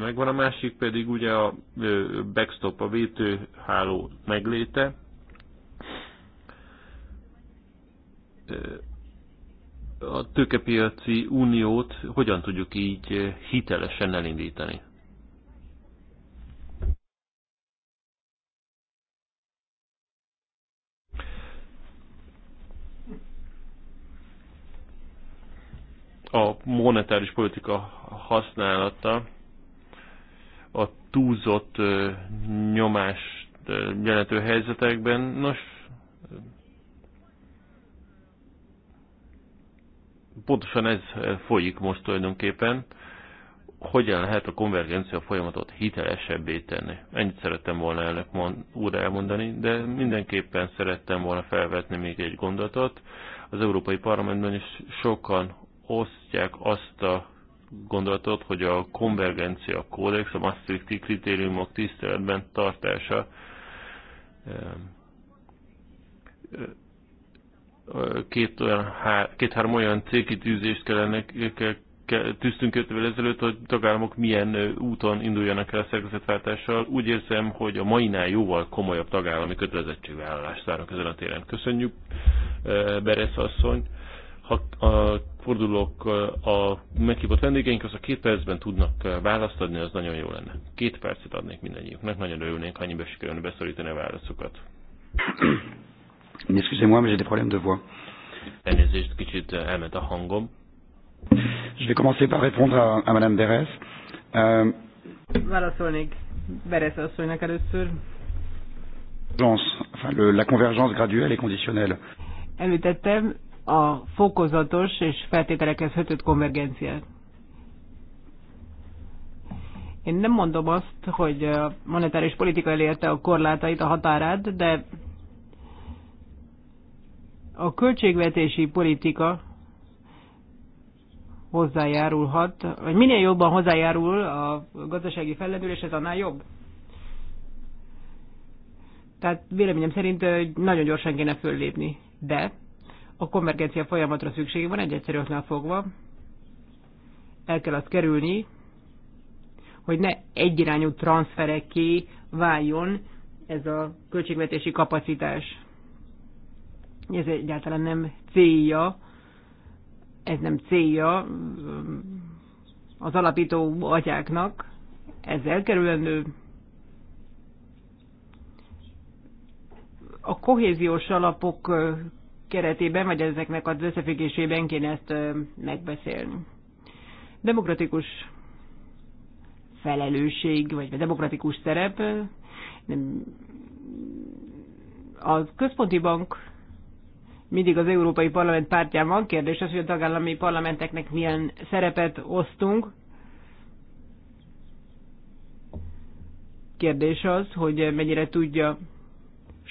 megvan, a másik pedig ugye a backstop, a vétőháló megléte. A tőkepiaci uniót hogyan tudjuk így hitelesen elindítani? a monetáris politika használata a túlzott nyomást jelentő helyzetekben. Nos, pontosan ez folyik most tulajdonképpen. Hogyan lehet a konvergencia folyamatot hitelesebbé tenni? Ennyit szerettem volna elnök úr elmondani, de mindenképpen szerettem volna felvetni még egy gondolatot. Az Európai Parlamentben is sokan osztják azt a gondolatot, hogy a konvergencia kódex, a Maastrichti kritériumok tiszteletben tartása eh, eh, két olyan, két-három olyan célkitűzést kellene, tűztünk öt évvel ezelőtt, hogy tagállamok milyen eh, úton induljanak el a szerkezetváltással. Úgy érzem, hogy a mainál jóval komolyabb tagállami kötelezettségvállalást várnak ezen a téren. Köszönjük, Beresz asszony! ha a fordulok a meghívott vendégeink, az a két percben tudnak választ adni, az nagyon jó lenne. Két percet adnék mindennyiuknak, nagyon örülnénk, ha annyiba sikerülne beszorítani a válaszokat. Excusez-moi, mais j'ai des problèmes de voix. Elnézést, kicsit elment a hangom. Je vais commencer par répondre à, à Madame Beres. Euh... Válaszolnék Beres asszonynak először. Enfin, le, la convergence graduelle et conditionnelle. Említettem, a fokozatos és feltételekhez kötött konvergenciát. Én nem mondom azt, hogy a monetáris politika elérte a korlátait, a határát, de a költségvetési politika hozzájárulhat, vagy minél jobban hozzájárul a gazdasági fellendüléshez, annál jobb. Tehát véleményem szerint nagyon gyorsan kéne föllépni. De a konvergencia folyamatra szükség van, egy egyszerű fogva. El kell azt kerülni, hogy ne egyirányú transzfereké váljon ez a költségvetési kapacitás. Ez egyáltalán nem célja, ez nem célja az alapító atyáknak, ez elkerülendő. A kohéziós alapok keretében, vagy ezeknek az összefüggésében kéne ezt megbeszélni. Demokratikus felelősség, vagy demokratikus szerep. Nem. A központi bank mindig az Európai Parlament pártján van. Kérdés az, hogy a tagállami parlamenteknek milyen szerepet osztunk. Kérdés az, hogy mennyire tudja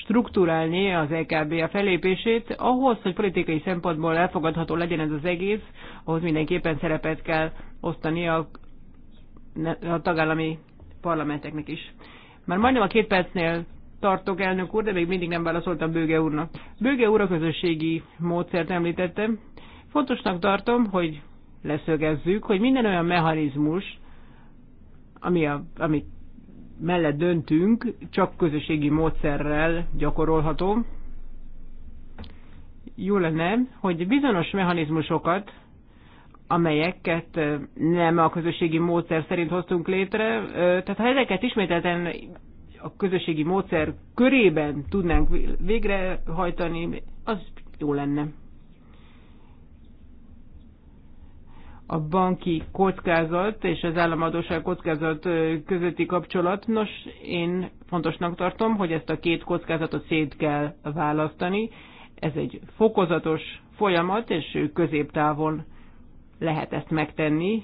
struktúrálni az EKB a felépését, ahhoz, hogy politikai szempontból elfogadható legyen ez az egész, ahhoz mindenképpen szerepet kell osztani a, a tagállami parlamenteknek is. Már majdnem a két percnél tartok, elnök úr, de még mindig nem válaszoltam Bőge úrnak. Bőge úr a közösségi módszert említettem. Fontosnak tartom, hogy leszögezzük, hogy minden olyan mechanizmus, ami a, amit mellett döntünk, csak közösségi módszerrel gyakorolható. Jó lenne, hogy bizonyos mechanizmusokat, amelyeket nem a közösségi módszer szerint hoztunk létre, tehát ha ezeket ismételten a közösségi módszer körében tudnánk végrehajtani, az jó lenne. a banki kockázat és az államadóság kockázat közötti kapcsolat. Nos, én fontosnak tartom, hogy ezt a két kockázatot szét kell választani. Ez egy fokozatos folyamat, és középtávon lehet ezt megtenni.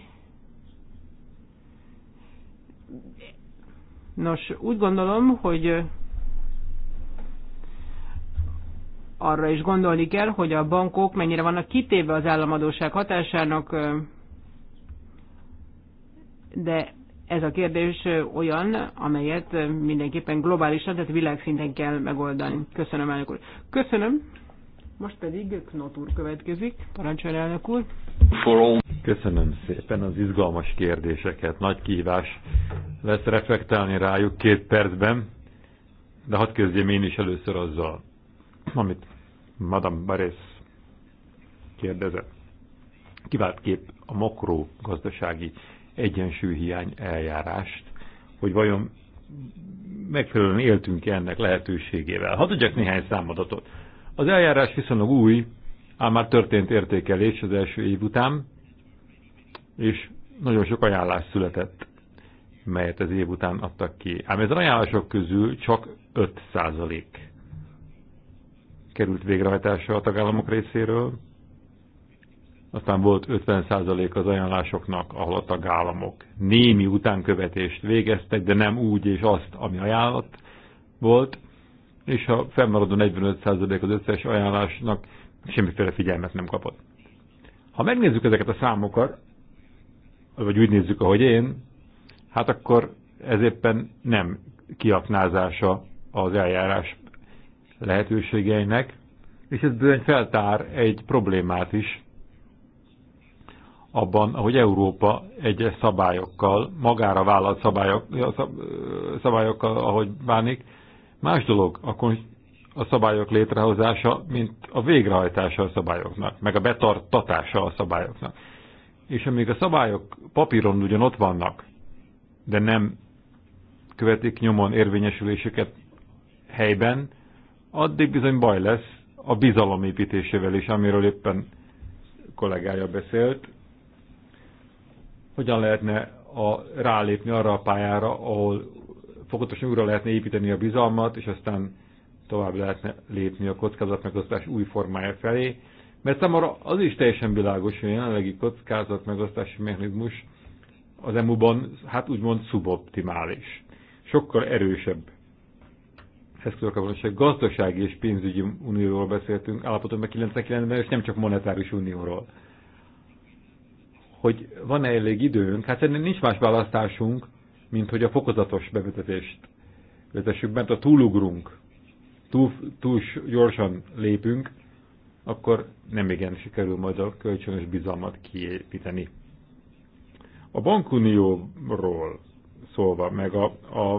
Nos, úgy gondolom, hogy arra is gondolni kell, hogy a bankok mennyire vannak kitéve az államadóság hatásának, de ez a kérdés olyan, amelyet mindenképpen globálisan, tehát világszinten kell megoldani. Köszönöm, elnök úr. Köszönöm. Most pedig Knot úr következik. Parancsolja, elnök úr. Köszönöm szépen az izgalmas kérdéseket. Nagy kihívás lesz reflektálni rájuk két percben, de hadd kezdjem én is először azzal, amit Madame Bares kérdezett. Kiváltképp a makró gazdasági egyensúlyhiány eljárást, hogy vajon megfelelően éltünk-e ennek lehetőségével. Hadd adjak néhány számadatot. Az eljárás viszonylag új, ám már történt értékelés az első év után, és nagyon sok ajánlás született, melyet az év után adtak ki. Ám az ajánlások közül csak 5 százalék került végrehajtásra a tagállamok részéről, aztán volt 50% az ajánlásoknak, ahol a tagállamok némi utánkövetést végeztek, de nem úgy és azt, ami ajánlat volt, és a fennmaradó 45% az összes ajánlásnak semmiféle figyelmet nem kapott. Ha megnézzük ezeket a számokat, vagy úgy nézzük, ahogy én, hát akkor ez éppen nem kiaknázása az eljárás lehetőségeinek, és ez bizony feltár egy problémát is abban, ahogy Európa egyes szabályokkal, magára vállalt szabályok, szabályokkal, ahogy bánik. Más dolog a, a szabályok létrehozása, mint a végrehajtása a szabályoknak, meg a betartatása a szabályoknak. És amíg a szabályok papíron ugyan ott vannak, de nem követik nyomon érvényesüléseket helyben, addig bizony baj lesz a bizalom építésével is, amiről éppen kollégája beszélt. Hogyan lehetne a, rálépni arra a pályára, ahol fokozatosan újra lehetne építeni a bizalmat, és aztán tovább lehetne lépni a kockázatmegosztás új formája felé, mert számomra az is teljesen világos, hogy a jelenlegi kockázatmegosztási mechanizmus az EMU-ban hát úgymond szuboptimális. Sokkal erősebb ehhez kapcsolatban gazdasági és pénzügyi unióról beszéltünk, állapotban meg 99-ben, és nem csak monetáris unióról. Hogy van-e elég időnk? Hát szerintem nincs más választásunk, mint hogy a fokozatos bevezetést vezessük, mert ha túlugrunk, túl, túl gyorsan lépünk, akkor nem igen sikerül majd a kölcsönös bizalmat kiépíteni. A bankunióról szólva, meg a, a,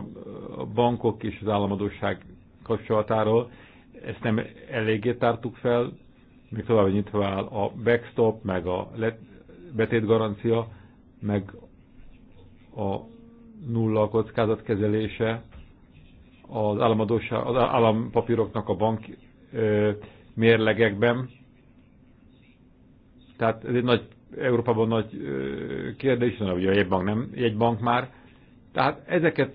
a bankok és az államadóság kapcsolatáról. Ezt nem eléggé tártuk fel, még tovább nyitva áll a backstop, meg a betétgarancia, meg a nulla kockázat kezelése, az, az állampapíroknak a bank ö, mérlegekben. Tehát ez egy nagy, Európában nagy ö, kérdés, hogy a jegybank nem jegybank már. Tehát ezeket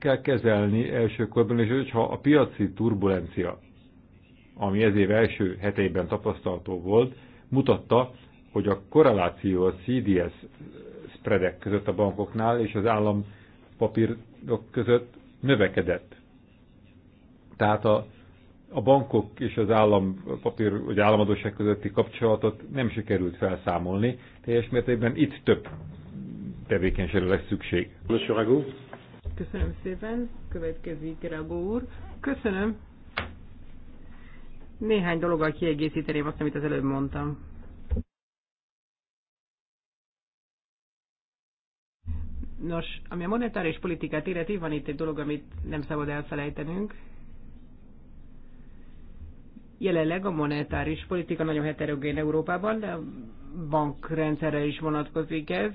kell kezelni első körben, és hogyha a piaci turbulencia, ami ez év első heteiben tapasztalható volt, mutatta, hogy a korreláció a CDS spreadek között a bankoknál és az állampapírok között növekedett. Tehát a, a bankok és az állampapír vagy államadóság közötti kapcsolatot nem sikerült felszámolni, teljes mértékben itt több tevékenységre lesz szükség. Monsieur Rago? Köszönöm szépen. Következik Rabó úr. Köszönöm. Néhány dologgal kiegészíteném azt, amit az előbb mondtam. Nos, ami a monetáris politikát illeti, van itt egy dolog, amit nem szabad elfelejtenünk. Jelenleg a monetáris politika nagyon heterogén Európában, de a bankrendszerre is vonatkozik ez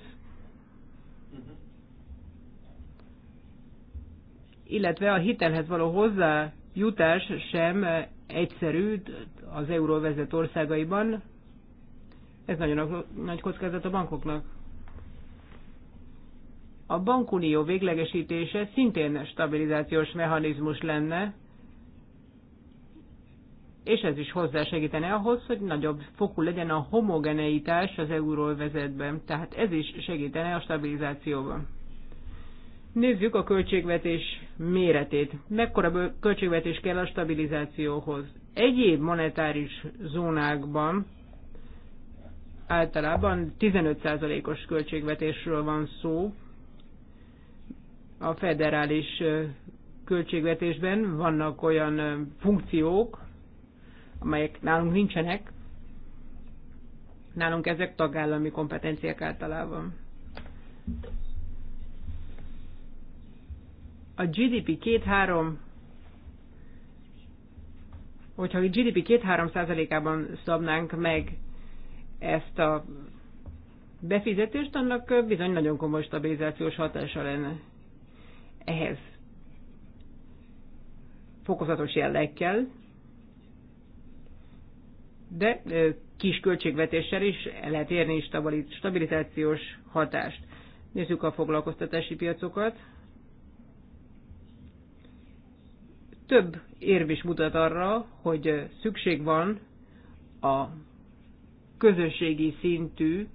illetve a hitelhez való hozzájutás sem egyszerű az euróvezet országaiban. Ez nagyon nagy kockázat a bankoknak. A bankunió véglegesítése szintén stabilizációs mechanizmus lenne, és ez is hozzásegítene ahhoz, hogy nagyobb fokú legyen a homogeneitás az euróvezetben. Tehát ez is segítene a stabilizációban. Nézzük a költségvetés méretét. Mekkora költségvetés kell a stabilizációhoz? Egyéb monetáris zónákban általában 15%-os költségvetésről van szó. A federális költségvetésben vannak olyan funkciók, amelyek nálunk nincsenek. Nálunk ezek tagállami kompetenciák általában a GDP 2-3 hogyha a GDP 2-3 százalékában szabnánk meg ezt a befizetést, annak bizony nagyon komoly stabilizációs hatása lenne. Ehhez fokozatos jelleg kell, de kis költségvetéssel is el lehet érni stabilizációs hatást. Nézzük a foglalkoztatási piacokat. több érv is mutat arra, hogy szükség van a közösségi szintű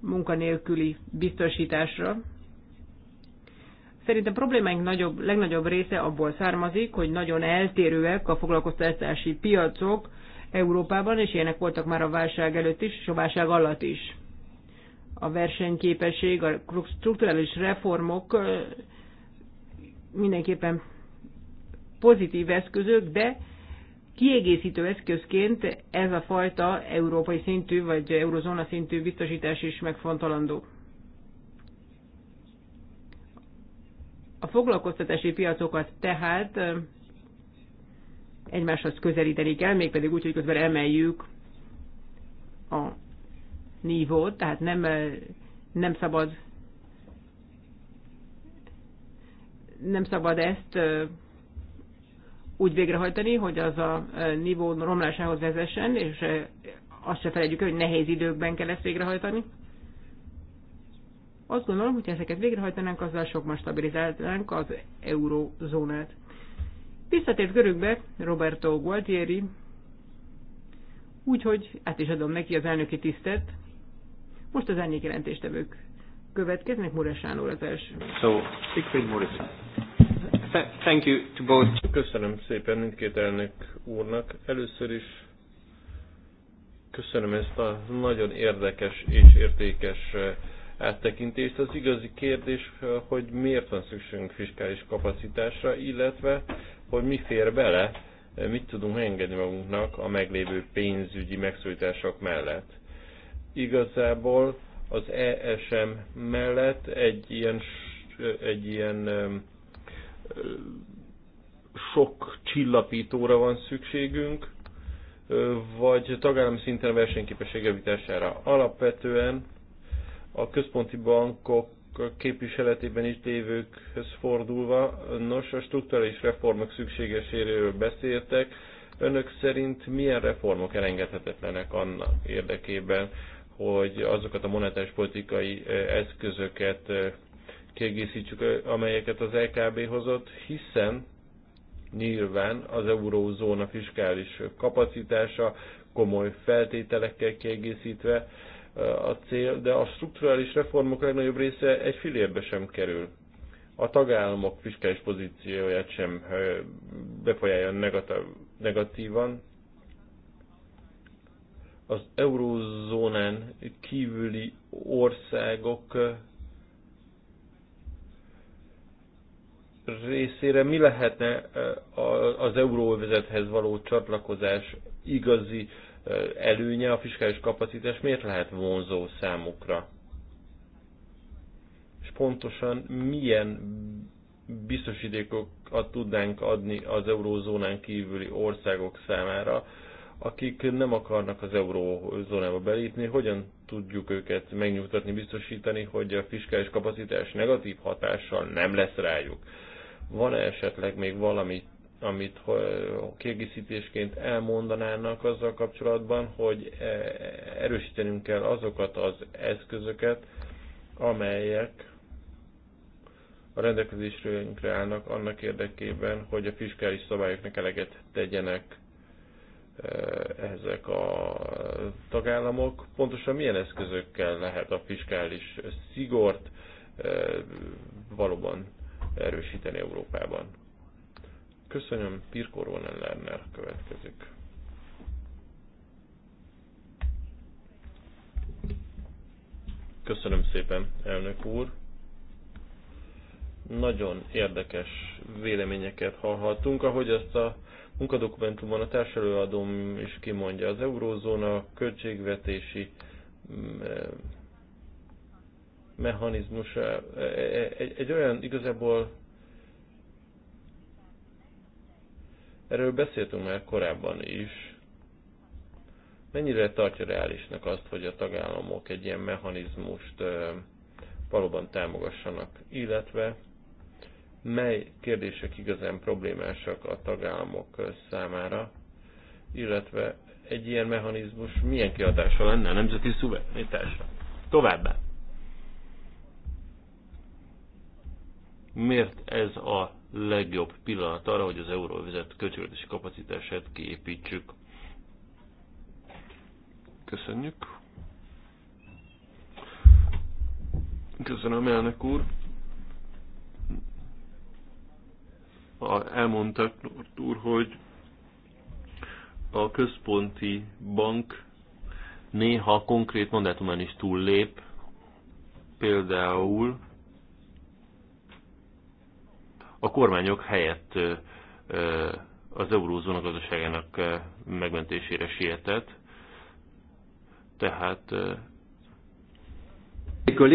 munkanélküli biztosításra. Szerintem problémáink nagyobb, legnagyobb része abból származik, hogy nagyon eltérőek a foglalkoztatási piacok Európában, és ilyenek voltak már a válság előtt is, és a válság alatt is. A versenyképesség, a strukturális reformok mindenképpen pozitív eszközök, de kiegészítő eszközként ez a fajta európai szintű vagy eurozóna szintű biztosítás is megfontolandó. A foglalkoztatási piacokat tehát egymáshoz közelíteni kell, mégpedig úgy, hogy közben emeljük a nívót, tehát nem, nem szabad nem szabad ezt úgy végrehajtani, hogy az a nívó romlásához vezessen, és azt se felejtjük, hogy nehéz időkben kell ezt végrehajtani. Azt gondolom, hogy ezeket végrehajtanánk, azzal sokban stabilizálnánk az eurozónát. Visszatért görögbe Roberto Gualtieri, úgyhogy át is adom neki az elnöki tisztet. Most az árnyék jelentéstevők következnek. Muresánul az első. So, Siegfried Muresán. Thank you to both. Köszönöm szépen mindkét elnök úrnak. Először is köszönöm ezt a nagyon érdekes és értékes eh, áttekintést. Az igazi kérdés, eh, hogy miért van szükségünk fiskális kapacitásra, illetve hogy mi fér bele, eh, mit tudunk engedni magunknak a meglévő pénzügyi megszólítások mellett. Igazából az ESM mellett egy ilyen, egy ilyen sok csillapítóra van szükségünk, vagy tagállami szinten versenyképesség javítására. Alapvetően a központi bankok képviseletében is tévőkhöz fordulva, nos, a strukturális reformok szükségeséről beszéltek. Önök szerint milyen reformok elengedhetetlenek annak érdekében, hogy azokat a monetáris politikai eszközöket kiegészítsük, amelyeket az LKB e hozott, hiszen nyilván az eurózóna fiskális kapacitása komoly feltételekkel kiegészítve a cél, de a strukturális reformok legnagyobb része egy filérbe sem kerül. A tagállamok fiskális pozícióját sem befolyálja negatívan, az eurózónán kívüli országok részére mi lehetne az euróvezethez való csatlakozás igazi előnye, a fiskális kapacitás miért lehet vonzó számukra? És pontosan milyen biztosítékokat tudnánk adni az eurózónán kívüli országok számára, akik nem akarnak az eurózónába belépni, hogyan tudjuk őket megnyugtatni, biztosítani, hogy a fiskális kapacitás negatív hatással nem lesz rájuk. Van-e esetleg még valami, amit kiegészítésként elmondanának azzal kapcsolatban, hogy e, erősítenünk kell azokat az eszközöket, amelyek a rendelkezésre állnak annak érdekében, hogy a fiskális szabályoknak eleget tegyenek Eh, ezek a tagállamok, pontosan milyen eszközökkel lehet a fiskális szigort eh, valóban erősíteni Európában. Köszönöm, Pirko Ronen Lerner következik. Köszönöm szépen, elnök úr. Nagyon érdekes véleményeket hallhattunk, ahogy ezt a munkadokumentumban a társelőadóm is kimondja, az eurózóna költségvetési mm, e, mechanizmus e, e, egy, egy olyan igazából erről beszéltünk már korábban is, mennyire tartja reálisnak azt, hogy a tagállamok egy ilyen mechanizmust valóban támogassanak, illetve mely kérdések igazán problémásak a tagállamok számára, illetve egy ilyen mechanizmus milyen kiadása lenne a nemzeti szuverenitásra. Továbbá. Miért ez a legjobb pillanat arra, hogy az euróvizet költségvetési kapacitását kiépítsük? Köszönjük. Köszönöm, elnök úr. elmondtak, úr, hogy a központi bank néha konkrét mandátumán is túllép, például a kormányok helyett az eurózóna gazdaságának megmentésére sietett, tehát que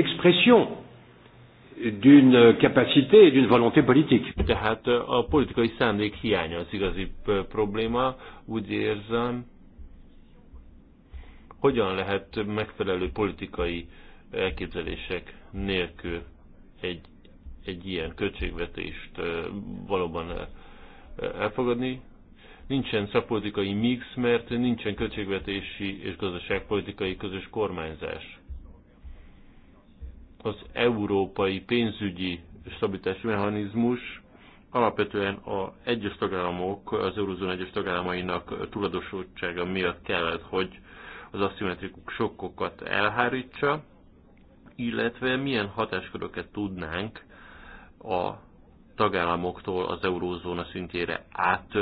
d'une capacité et d'une volonté politique. Tehát a politikai szándék hiánya az igazi probléma, úgy érzem, hogyan lehet megfelelő politikai elképzelések nélkül egy, egy ilyen költségvetést valóban elfogadni. Nincsen szakpolitikai mix, mert nincsen költségvetési és gazdaságpolitikai közös kormányzás az európai pénzügyi stabilitási mechanizmus alapvetően a egyes tagállamok, az eurozón egyes tagállamainak tulajdonsultsága miatt kellett, hogy az aszimmetrikus sokkokat elhárítsa, illetve milyen hatásköröket tudnánk a tagállamoktól az eurózóna szintjére át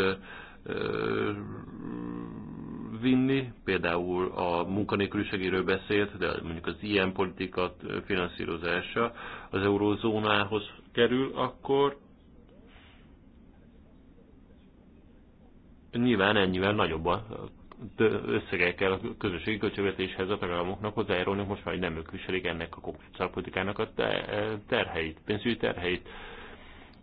vinni, például a munkanélküliségéről beszélt, de mondjuk az ilyen politika finanszírozása az eurózónához kerül, akkor nyilván ennyivel nagyobb a összegekkel a közösségi költségvetéshez a tagállamoknak hozzájárulni, most már hogy nem ők viselik ennek a konkrét szakpolitikának a terheit, pénzügyi terheit.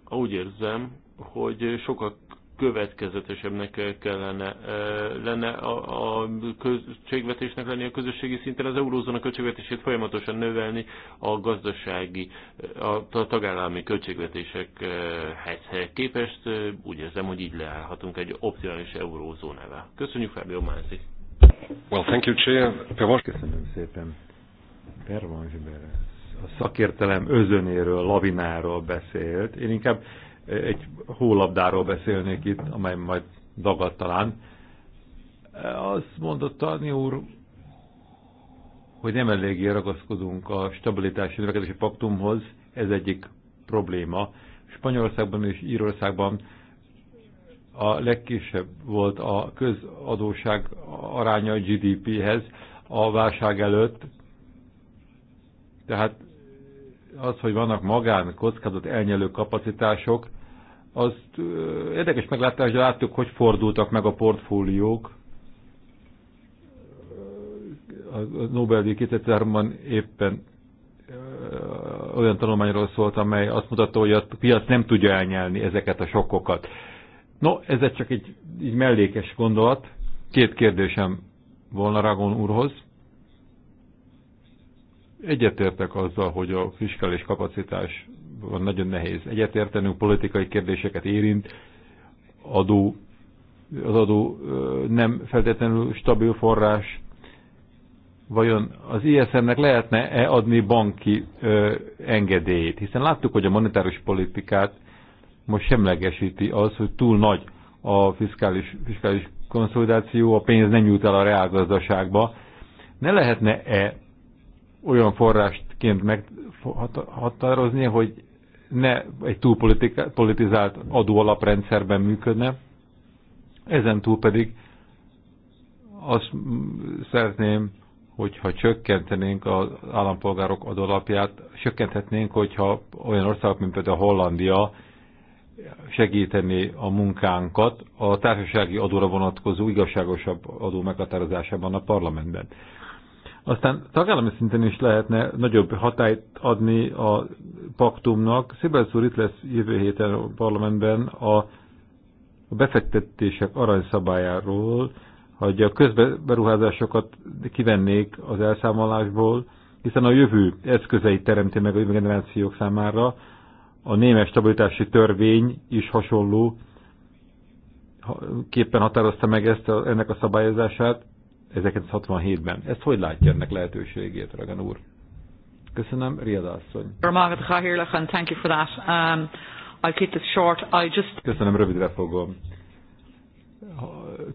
Úgy érzem, hogy sokkal következetesebbnek kellene eh, lenne a, a költségvetésnek lenni a közösségi szinten, az eurózóna költségvetését folyamatosan növelni a gazdasági, eh, a tagállami költségvetésekhez eh, képest. Úgy érzem, hogy így leállhatunk egy optimális eurózónával. Köszönjük Fábio Mánzi. Well, thank you, Chair. Köszönöm szépen. Pervanzsiberes a szakértelem özönéről, lavináról beszélt. Én inkább egy hólabdáról beszélnék itt, amely majd dagadt talán. Azt mondott Tani úr, hogy nem eléggé ragaszkodunk a stabilitási növekedési paktumhoz, ez egyik probléma. Spanyolországban és Írországban a legkisebb volt a közadóság aránya a GDP-hez a válság előtt, tehát az, hogy vannak magán kockázat elnyelő kapacitások, azt érdekes hogy láttuk, hogy fordultak meg a portfóliók. A Nobel-díj 2003-ban éppen olyan tanulmányról szólt, amely azt mutatta, hogy a piac nem tudja elnyelni ezeket a sokkokat. No, ez csak egy, egy mellékes gondolat. Két kérdésem volna Ragon úrhoz. Egyetértek azzal, hogy a fiskális kapacitás van nagyon nehéz. Egyetértenünk politikai kérdéseket érint, adó, az adó nem feltétlenül stabil forrás. Vajon az ISM-nek lehetne-e adni banki ö, engedélyét? Hiszen láttuk, hogy a monetáris politikát most semlegesíti az, hogy túl nagy a fiskális, fiskális konszolidáció, a pénz nem jut el a reálgazdaságba. Ne lehetne-e olyan forrástként meghatározni, hogy ne egy túl politizált adóalaprendszerben működne. Ezen túl pedig azt szeretném, hogyha csökkentenénk az állampolgárok adólapját, csökkenthetnénk, hogyha olyan országok, mint például Hollandia segíteni a munkánkat a társasági adóra vonatkozó igazságosabb adó meghatározásában a parlamentben. Aztán tagállami szinten is lehetne nagyobb hatályt adni a paktumnak. Szibelsz úr itt lesz jövő héten a parlamentben a befektetések aranyszabályáról, hogy a közberuházásokat kivennék az elszámolásból, hiszen a jövő eszközeit teremti meg a jövő generációk számára. A némes stabilitási törvény is hasonló képpen határozta meg ezt a, ennek a szabályozását. 1967-ben. Ezt hogy látja ennek lehetőségét, Ragan úr? Köszönöm, Riad asszony. thank you for that. Um, I'll keep this short. I just... Köszönöm, rövidre fogom.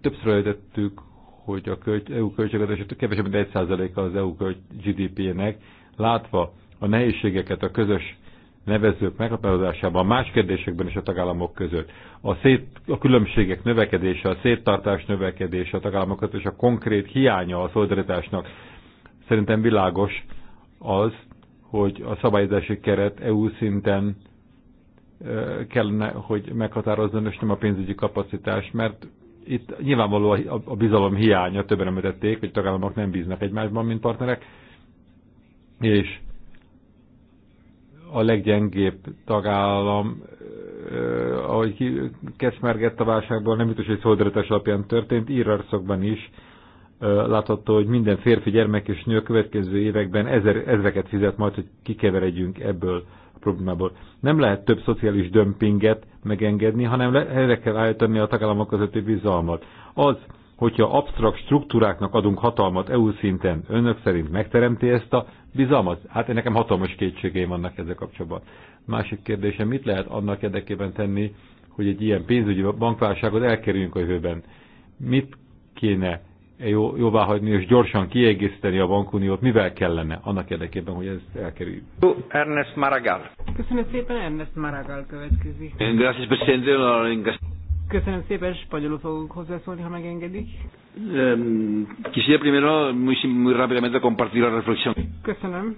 Többször előtettük, hogy a költ, EU költségvetés kevesebb mint 1%-a az EU GDP-nek. Látva a nehézségeket a közös nevezők meghatározásában, más kérdésekben is a tagállamok között. A, szét, a különbségek növekedése, a széttartás növekedése a tagállamok között, és a konkrét hiánya a szolidaritásnak szerintem világos az, hogy a szabályozási keret EU szinten kellene, hogy meghatározzon, és nem a pénzügyi kapacitás, mert itt nyilvánvaló a bizalom hiánya, többen említették, hogy tagállamok nem bíznak egymásban, mint partnerek, és a leggyengébb tagállam, ahogy kezmergett a válságból, nem biztos, hogy szolidaritás alapján történt, írarszokban is látható, hogy minden férfi, gyermek és nő a következő években ezer, ezreket fizet majd, hogy kikeveredjünk ebből a problémából. Nem lehet több szociális dömpinget megengedni, hanem erre kell állítani a tagállamok közötti bizalmat. Az, hogyha absztrakt struktúráknak adunk hatalmat EU szinten, önök szerint megteremti ezt a bizalmat? Hát én nekem hatalmas kétségeim vannak ezzel kapcsolatban. Másik kérdésem, mit lehet annak érdekében tenni, hogy egy ilyen pénzügyi bankválságot elkerüljünk a jövőben? Mit kéne jó, jóvá hagyni és gyorsan kiegészíteni a bankuniót, mivel kellene annak érdekében, hogy ezt elkerüljük. Ernest Maragall. Köszönöm szépen, Ernest Maragall következik. Köszönöm szépen, spanyolul fogok hozzászólni, ha megengedik. Um, quisiera primero muy, muy rápidamente compartir la reflexión. Köszönöm.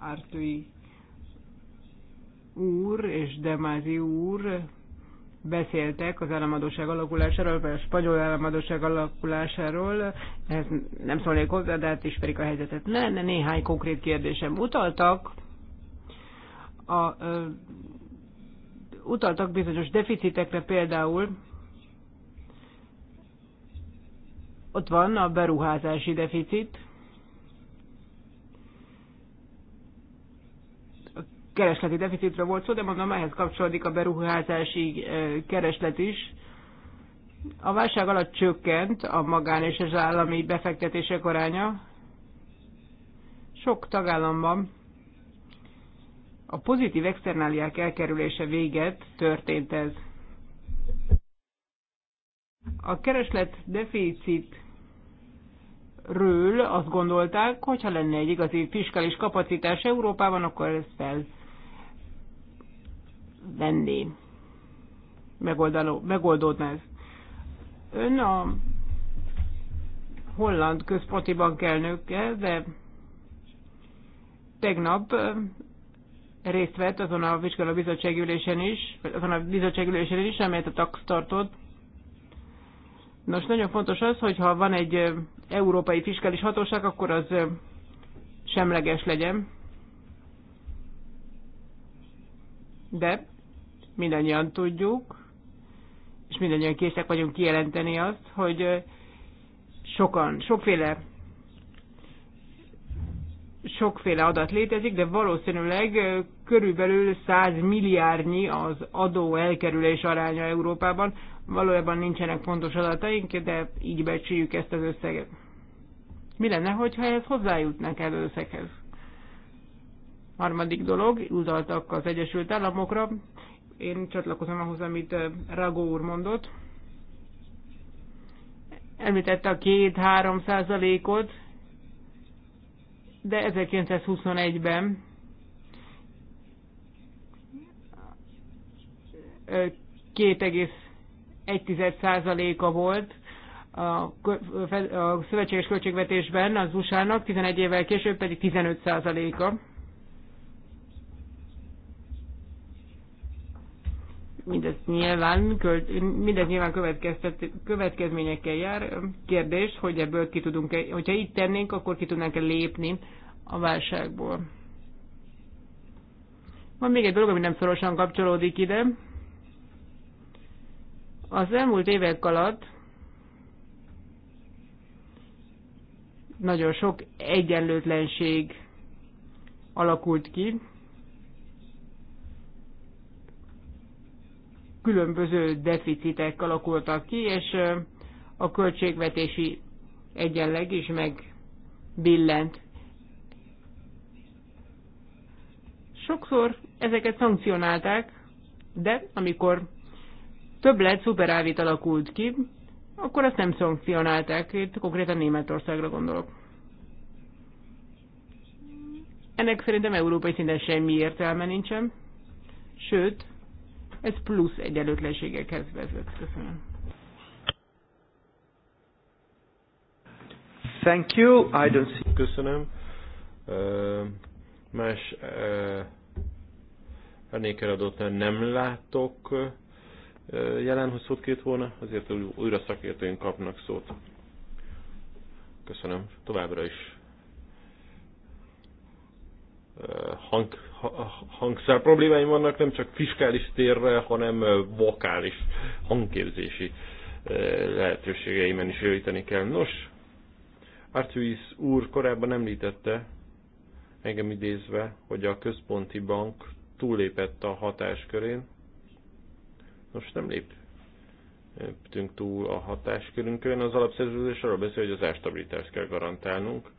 Artui úr és Demázi úr beszéltek az államadóság alakulásáról, vagy a spanyol államadóság alakulásáról. Ehhez nem szólnék hozzá, de hát ismerik a helyzetet. ne néhány konkrét kérdésem. Utaltak a utaltak bizonyos deficitekre például, ott van a beruházási deficit, a keresleti deficitről volt szó, de mondom, ehhez kapcsolódik a beruházási eh, kereslet is. A válság alatt csökkent a magán és az állami befektetések aránya. Sok tagállamban a pozitív externáliák elkerülése véget történt ez. A kereslet deficit ről azt gondolták, hogyha lenne egy igazi fiskális kapacitás Európában, akkor ezt fel venni. megoldódna ez. Ön a holland központi bank elnöke, de tegnap részt vett azon a vizsgáló bizottságülésen is, vagy azon a bizottságülésen is, amelyet a TAX tartott. Nos, nagyon fontos az, hogy ha van egy európai fiskális hatóság, akkor az semleges legyen. De mindannyian tudjuk, és mindannyian készek vagyunk kijelenteni azt, hogy sokan, sokféle sokféle adat létezik, de valószínűleg körülbelül 100 milliárdnyi az adó elkerülés aránya Európában. Valójában nincsenek pontos adataink, de így becsüljük ezt az összeget. Mi lenne, hogyha ez hozzájutnak el összeghez? Harmadik dolog, utaltak az Egyesült Államokra. Én csatlakozom ahhoz, amit Ragó úr mondott. Említette a két-három százalékot, de 1921-ben százaléka volt a szövetséges költségvetésben az USA-nak, 11 évvel később pedig 15%-a. Mindez nyilván, mindez nyilván következményekkel jár. Kérdés, hogy ebből ki tudunk -e, hogyha így tennénk, akkor ki tudnánk-e lépni a válságból. Van még egy dolog, ami nem szorosan kapcsolódik ide. Az elmúlt évek alatt nagyon sok egyenlőtlenség alakult ki, különböző deficitek alakultak ki, és a költségvetési egyenleg is megbillent. Sokszor ezeket szankcionálták, de amikor több lett, szuperávit alakult ki, akkor azt nem szankcionálták, itt konkrétan Németországra gondolok. Ennek szerintem európai szinten semmi értelme nincsen, sőt, ez plusz egyenlőtlenségekhez vezet. Köszönöm. Thank you. I don't see. Köszönöm. Uh, más uh, adott nem látok uh, jelen, hogy szót két volna, azért újra szakértőink kapnak szót. Köszönöm. Továbbra is uh, hang, hangszár problémáim vannak, nem csak fiskális térre, hanem vokális hangképzési lehetőségeimen is javítani kell. Nos, Arthuis úr korábban említette, engem idézve, hogy a központi bank túllépett a hatáskörén. Most nem lép léptünk túl a hatáskörünkön. Az alapszerződés arról beszél, hogy az ástabilitást kell garantálnunk,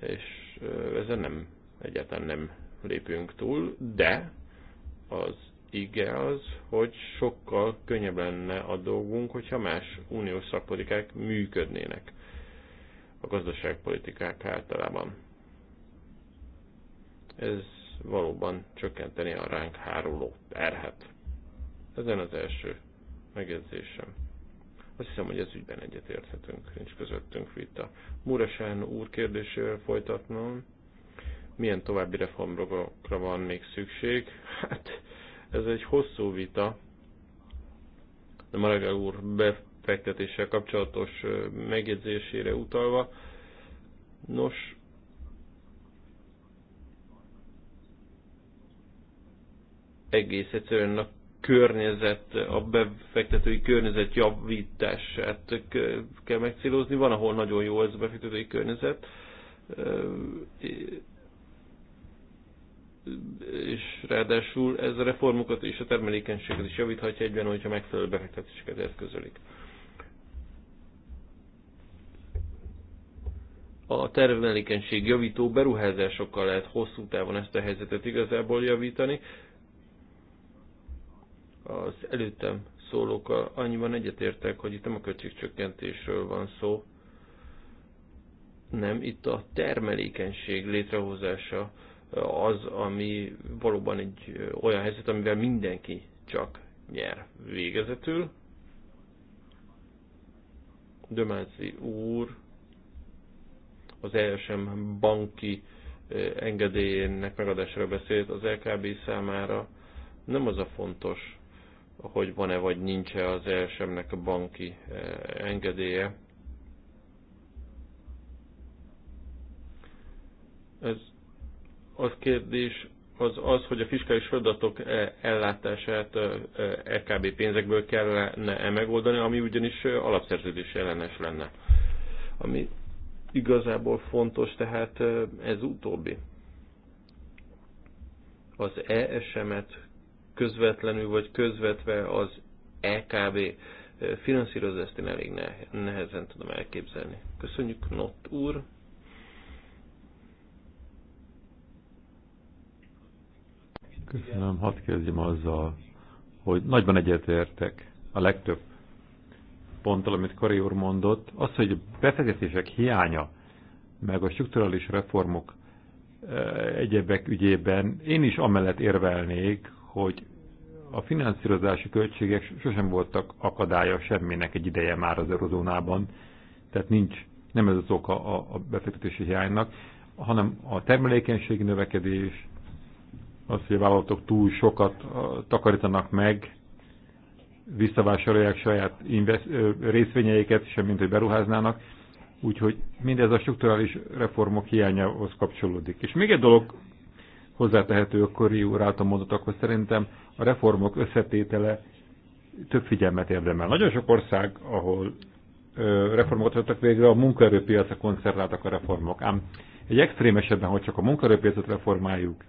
és ezen nem, egyáltalán nem lépjünk túl, de az ige az, hogy sokkal könnyebb lenne a dolgunk, hogyha más uniós szakpolitikák működnének a gazdaságpolitikák általában. Ez valóban csökkenteni a ránk háruló terhet. Ezen az első megjegyzésem. Azt hiszem, hogy ez ügyben egyetérthetünk, nincs közöttünk vita. Muresán úr kérdésével folytatnom milyen további reformokra van még szükség? Hát ez egy hosszú vita, de Maragall úr befektetéssel kapcsolatos megjegyzésére utalva. Nos, egész egyszerűen a környezet, a befektetői környezet javítását kell megcélozni. Van, ahol nagyon jó ez a befektetői környezet, és ráadásul ez a reformokat és a termelékenységet is javíthatja egyben, hogyha megfelelő befektetéseket eszközölik. A termelékenység javító beruházásokkal lehet hosszú távon ezt a helyzetet igazából javítani. Az előttem szólókkal annyiban egyetértek, hogy itt nem a költségcsökkentésről van szó, nem itt a termelékenység létrehozása az, ami valóban egy olyan helyzet, amivel mindenki csak nyer végezetül. Dömáci úr az ESM banki engedélyének megadásra beszélt az LKB számára. Nem az a fontos, hogy van-e vagy nincs-e az ESM-nek a banki engedélye. Ez az kérdés az az, hogy a fiskális feladatok e, ellátását LKB e, e, pénzekből kellene -e megoldani, ami ugyanis alapszerződés ellenes lenne. Ami igazából fontos, tehát ez utóbbi. Az ESM-et közvetlenül vagy közvetve az EKB finanszírozást én elég nehezen tudom elképzelni. Köszönjük, Nott úr! Köszönöm, hadd kezdjem azzal, hogy nagyban egyetértek a legtöbb ponttal, amit Kari úr mondott. Az, hogy befektetések hiánya, meg a strukturális reformok e, egyebek ügyében én is amellett érvelnék, hogy a finanszírozási költségek sosem voltak akadálya semminek egy ideje már az eurozónában, tehát nincs, nem ez az oka a befektetési hiánynak, hanem a termelékenység növekedés, az, hogy a vállalatok túl sokat takarítanak meg, visszavásárolják saját részvényeiket, mint hogy beruháznának. Úgyhogy mindez a strukturális reformok hiányához kapcsolódik. És még egy dolog hozzátehető a Kori által mondatokhoz, szerintem a reformok összetétele több figyelmet érdemel. Nagyon sok ország, ahol reformokat vettek végre, a munkaerőpiacra koncentráltak a reformok. Ám egy extrém esetben, hogy csak a munkaerőpiacot reformáljuk,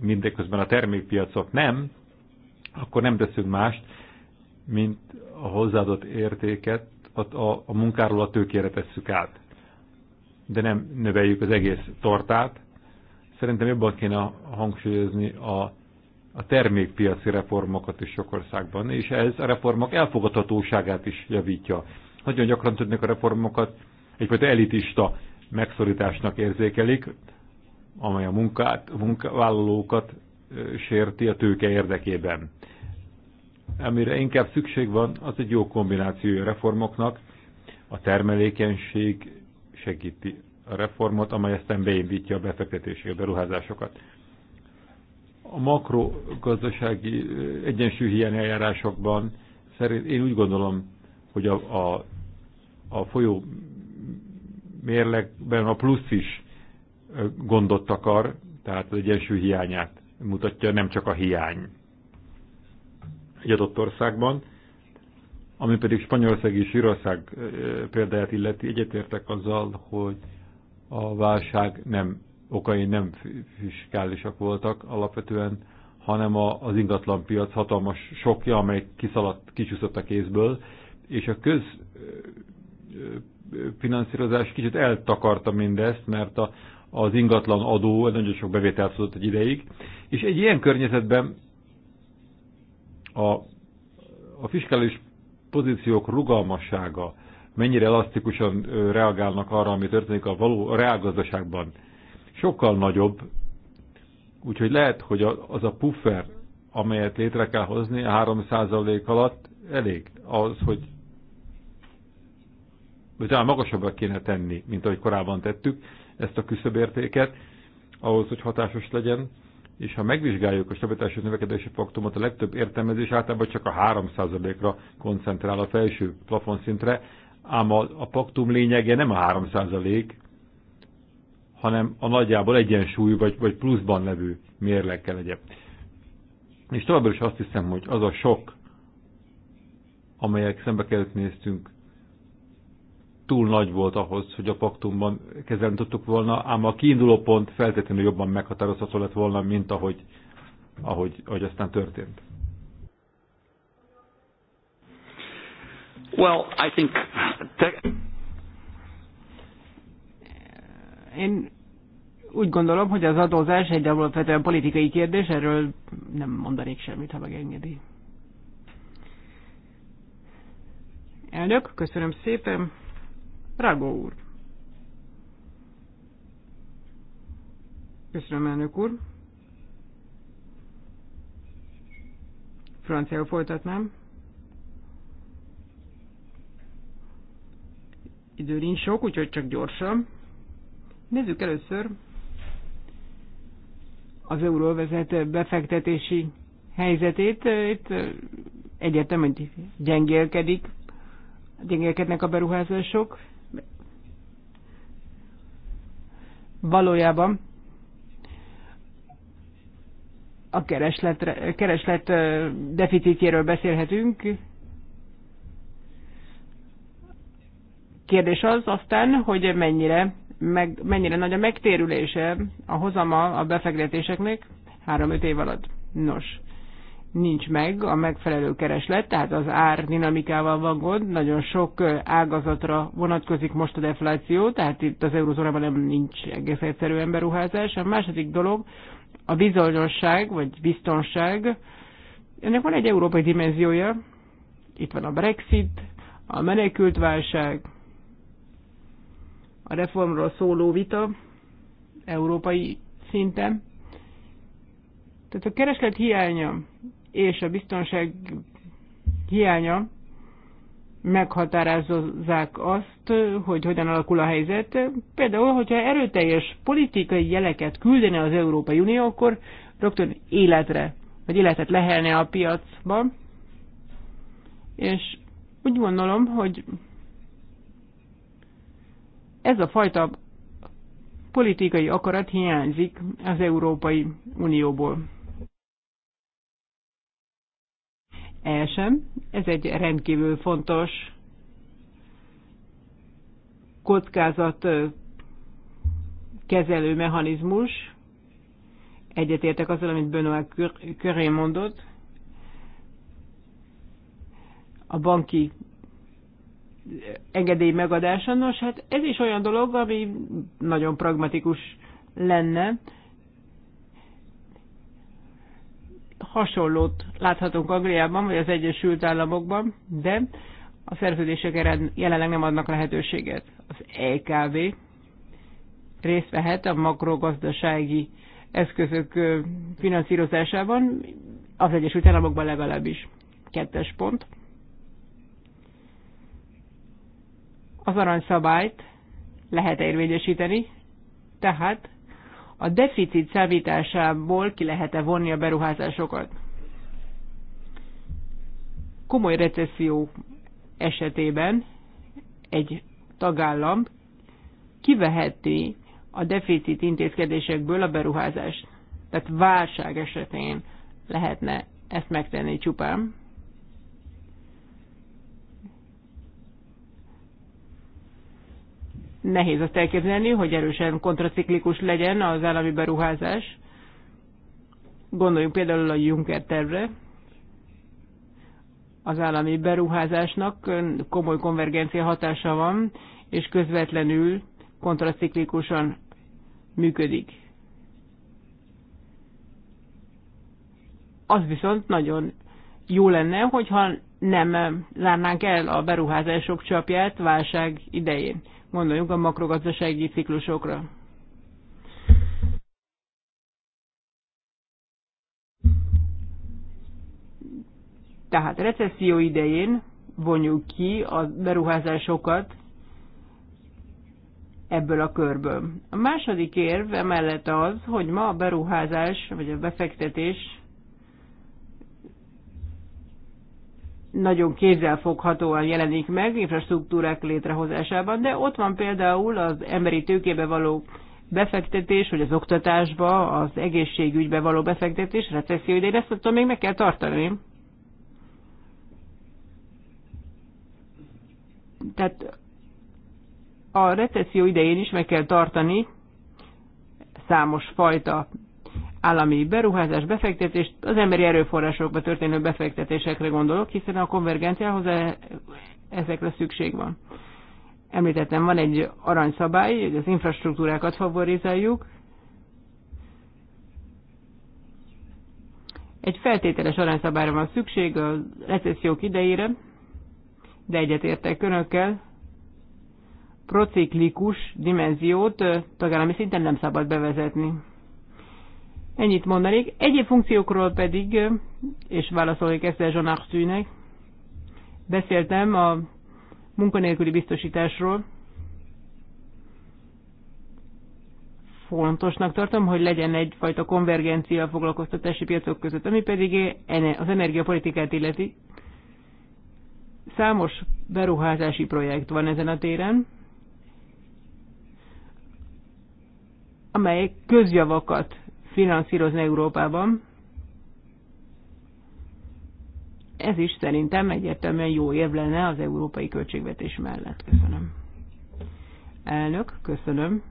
mindeközben a termékpiacok nem, akkor nem teszünk mást, mint a hozzáadott értéket a, a, a munkáról a tőkére tesszük át. De nem növeljük az egész tortát. Szerintem jobban kéne hangsúlyozni a, a termékpiaci reformokat is sok országban, és ez a reformok elfogadhatóságát is javítja. Nagyon gyakran tudnak a reformokat egyfajta elitista megszorításnak érzékelik, amely a munkát, a munkavállalókat sérti a tőke érdekében. Amire inkább szükség van, az egy jó kombinációja a reformoknak. A termelékenység segíti a reformot, amely aztán beindítja a befektetési, a beruházásokat. A makrogazdasági egyensúlyhiány eljárásokban szerint én úgy gondolom, hogy a, a, a folyó mérlekben a plusz is gondot takar, tehát az egyensúly hiányát mutatja, nem csak a hiány egy adott országban. Ami pedig Spanyolország és Írország példáját illeti, egyetértek azzal, hogy a válság nem, okai nem fiskálisak voltak alapvetően, hanem az ingatlan piac hatalmas sokja, amely kiszaladt, kicsúszott a kézből, és a közfinanszírozás kicsit eltakarta mindezt, mert a, az ingatlan adó nagyon sok bevételt hozott egy ideig, és egy ilyen környezetben a, a fiskális pozíciók rugalmassága, mennyire elasztikusan reagálnak arra, ami történik a való a reálgazdaságban, sokkal nagyobb, úgyhogy lehet, hogy az a puffer, amelyet létre kell hozni a 3% alatt, elég az, hogy talán magasabbra kéne tenni, mint ahogy korábban tettük, ezt a küszöbértéket, ahhoz, hogy hatásos legyen, és ha megvizsgáljuk a stabilitási növekedési paktumot, a legtöbb értelmezés általában csak a 3%-ra koncentrál a felső plafonszintre, ám a, a paktum lényege nem a 3%, hanem a nagyjából egyensúlyú vagy, vagy pluszban levő kell legyen. És továbbra is azt hiszem, hogy az a sok, amelyek szembe kellett néztünk túl nagy volt ahhoz, hogy a paktumban kezelni tudtuk volna, ám a kiinduló pont feltétlenül jobban meghatározható lett volna, mint ahogy, ahogy, ahogy aztán történt. Well, I think Én úgy gondolom, hogy az adózás egy alapvetően politikai kérdés, erről nem mondanék semmit, ha megengedi. Elnök, köszönöm szépen. Rágó úr. Köszönöm, elnök úr. Franciául folytatnám. Idő nincs sok, úgyhogy csak gyorsan. Nézzük először az euróvezet befektetési helyzetét. Itt egyetem, hogy gyengélkedik, gyengélkednek a beruházások. valójában a kereslet, kereslet deficitjéről beszélhetünk. Kérdés az aztán, hogy mennyire, meg, mennyire nagy a megtérülése a hozama a befektetéseknek 3-5 év alatt. Nos, nincs meg a megfelelő kereslet, tehát az ár dinamikával van gond, nagyon sok ágazatra vonatkozik most a defláció, tehát itt az eurozónában nem nincs egész egyszerűen beruházás. A második dolog a bizonyosság, vagy biztonság, ennek van egy európai dimenziója, itt van a Brexit, a menekültválság, a reformról szóló vita európai szinten. Tehát a kereslet hiánya és a biztonság hiánya meghatározzák azt, hogy hogyan alakul a helyzet. Például, hogyha erőteljes politikai jeleket küldene az Európai Unió, akkor rögtön életre, vagy életet lehelne a piacba. És úgy gondolom, hogy ez a fajta politikai akarat hiányzik az Európai Unióból. el sem. Ez egy rendkívül fontos kockázat kezelő mechanizmus. Egyetértek azzal, amit Benoit köré mondott. A banki engedély megadása. Nos, hát ez is olyan dolog, ami nagyon pragmatikus lenne. hasonlót láthatunk Angliában, vagy az Egyesült Államokban, de a szerződések jelenleg nem adnak lehetőséget. Az EKB részt vehet a makrogazdasági eszközök finanszírozásában, az Egyesült Államokban legalábbis. Kettes pont. Az aranyszabályt lehet érvényesíteni, tehát a deficit szávításából ki lehet-e vonni a beruházásokat. Komoly recesszió esetében egy tagállam kiveheti a deficit intézkedésekből a beruházást. Tehát válság esetén lehetne ezt megtenni csupán. Nehéz azt elképzelni, hogy erősen kontraciklikus legyen az állami beruházás. Gondoljunk például a Juncker tervre. Az állami beruházásnak komoly konvergencia hatása van, és közvetlenül kontraciklikusan működik. Az viszont nagyon jó lenne, hogyha nem zárnánk el a beruházások csapját válság idején gondoljunk a makrogazdasági ciklusokra. Tehát recesszió idején vonjuk ki a beruházásokat ebből a körből. A második érve mellett az, hogy ma a beruházás vagy a befektetés nagyon kézzelfoghatóan jelenik meg infrastruktúrák létrehozásában, de ott van például az emberi tőkébe való befektetés, hogy az oktatásba, az egészségügybe való befektetés, recesszió idején, ezt attól még meg kell tartani. Tehát a recesszió idején is meg kell tartani számos fajta állami beruházás, befektetés, az emberi erőforrásokba történő befektetésekre gondolok, hiszen a konvergenciához e- ezekre szükség van. Említettem, van egy aranyszabály, hogy az infrastruktúrákat favorizáljuk. Egy feltételes aranyszabályra van szükség a recessziók idejére, de egyetértek önökkel, prociklikus dimenziót tagállami szinten nem szabad bevezetni. Ennyit mondanék. Egyéb funkciókról pedig, és válaszolnék ezt a Zsonárszűnek, beszéltem a munkanélküli biztosításról. Fontosnak tartom, hogy legyen egyfajta konvergencia a foglalkoztatási piacok között, ami pedig az energiapolitikát illeti. Számos beruházási projekt van ezen a téren, amelyek közjavakat finanszírozni Európában. Ez is szerintem egyértelműen jó év lenne az európai költségvetés mellett. Köszönöm. Elnök, köszönöm.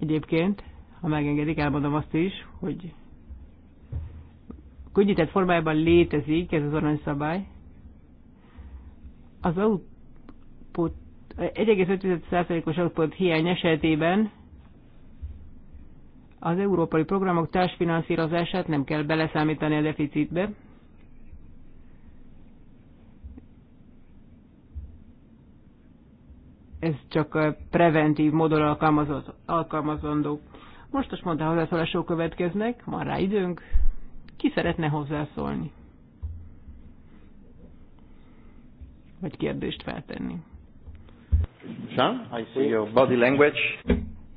Egyébként, ha megengedik, elmondom azt is, hogy könnyített formájában létezik ez az aranyszabály. Az output, 1,5%-os output hiány esetében az európai programok társfinanszírozását nem kell beleszámítani a deficitbe. Ez csak preventív módon alkalmazandó. Mostos mondta hozzászólások következnek, van rá időnk. Ki szeretne hozzászólni? Vagy kérdést feltenni? Jean, I see your body language.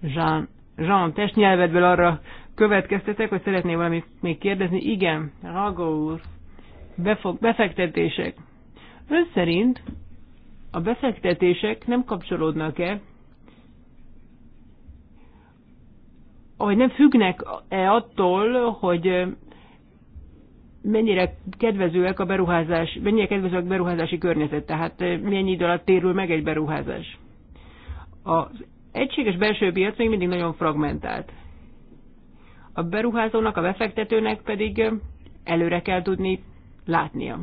Jean, Jean testnyelvedből arra következtetek, hogy szeretné valamit még kérdezni. Igen, Raga úr, befog, befektetések. Ön szerint a befektetések nem kapcsolódnak-e, vagy nem függnek-e attól, hogy mennyire kedvezőek a beruházás, mennyire kedvezőek a beruházási környezet, tehát mennyi idő alatt térül meg egy beruházás. Az egységes belső piac még mindig nagyon fragmentált. A beruházónak, a befektetőnek pedig előre kell tudni látnia.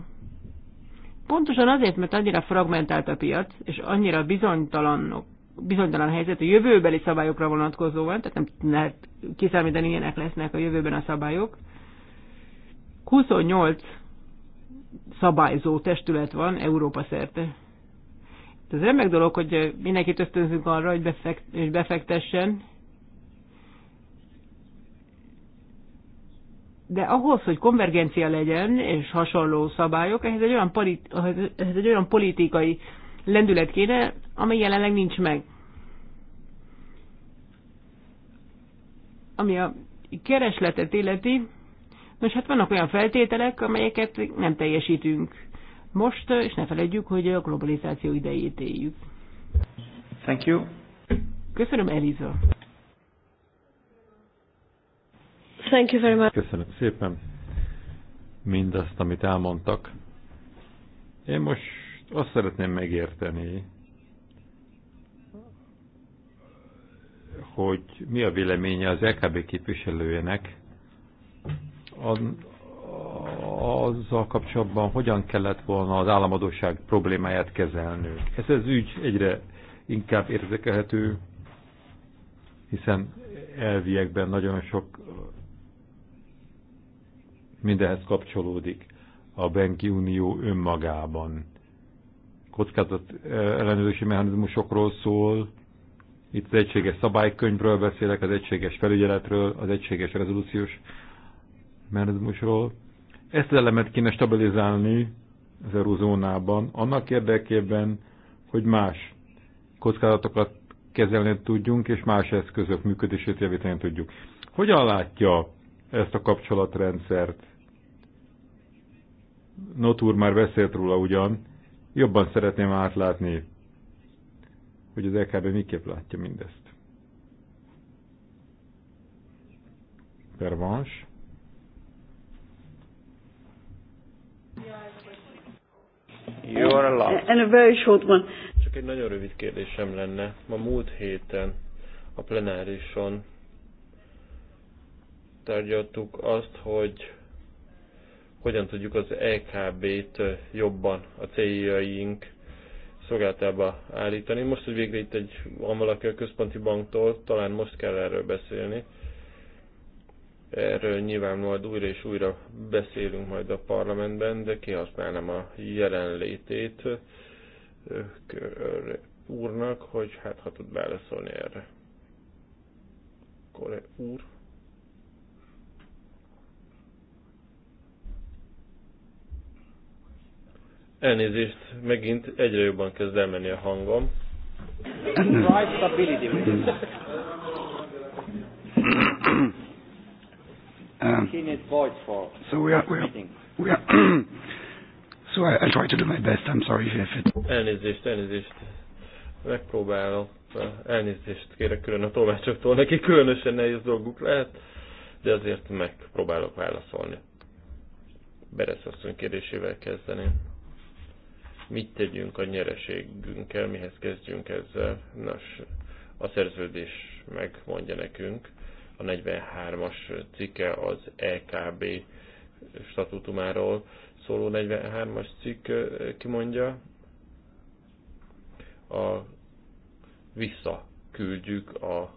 Pontosan azért, mert annyira fragmentált a piac, és annyira bizonytalanok, bizonytalan helyzet a jövőbeli szabályokra vonatkozóan, tehát nem lehet kiszámítani, milyenek lesznek a jövőben a szabályok. 28 szabályzó testület van Európa szerte. Ez remek dolog, hogy mindenkit ösztönzünk arra, hogy, hogy befektessen, de ahhoz, hogy konvergencia legyen, és hasonló szabályok, ehhez egy olyan, politi- ehhez egy olyan politikai lendület kéne, ami jelenleg nincs meg. Ami a keresletet illeti, most hát vannak olyan feltételek, amelyeket nem teljesítünk most, és ne felejtjük, hogy a globalizáció idejét éljük. Thank you. Köszönöm, Eliza. Thank you very much. Köszönöm szépen mindazt, amit elmondtak. Én most azt szeretném megérteni, hogy mi a véleménye az LKB képviselőjének azzal kapcsolatban hogyan kellett volna az államadóság problémáját kezelnünk. Ez az ügy egyre inkább érzekelhető, hiszen elviekben nagyon sok mindenhez kapcsolódik a banki unió önmagában. Kockázat ellenőrzési mechanizmusokról szól, itt az egységes szabálykönyvről beszélek, az egységes felügyeletről, az egységes rezolúciós mechanizmusról, ezt az elemet kéne stabilizálni az eurozónában, annak érdekében, hogy más kockázatokat kezelni tudjunk, és más eszközök működését javítani tudjuk. Hogyan látja ezt a kapcsolatrendszert? Notúr már beszélt róla ugyan, jobban szeretném átlátni, hogy az LKB e miképp látja mindezt. Pervans. You are And a very short one. Csak egy nagyon rövid kérdésem lenne. Ma múlt héten a plenárison tárgyaltuk azt, hogy hogyan tudjuk az EKB-t jobban a céljaink szolgáltába állítani. Most, hogy végre itt egy van valaki a központi banktól, talán most kell erről beszélni. Erről nyilván majd újra és újra beszélünk majd a parlamentben, de kihasználnám a jelenlétét úrnak, hogy hát ha tud beleszólni erre. Kore úr. Elnézést, megint egyre jobban kezd elmenni a hangom. Price stability. Uh, so we are, we are, we are so I, I'll try to do my best. I'm sorry if it... Elnézést, elnézést. Megpróbálom. Elnézést kérek külön a tolmácsoktól. Neki különösen nehéz dolguk lehet, de azért megpróbálok válaszolni. Beresz asszony kérdésével kezdeném mit tegyünk a nyereségünkkel, mihez kezdjünk ezzel. Nos, a szerződés megmondja nekünk, a 43-as cikke az EKB statutumáról szóló 43-as cikk kimondja. A visszaküldjük a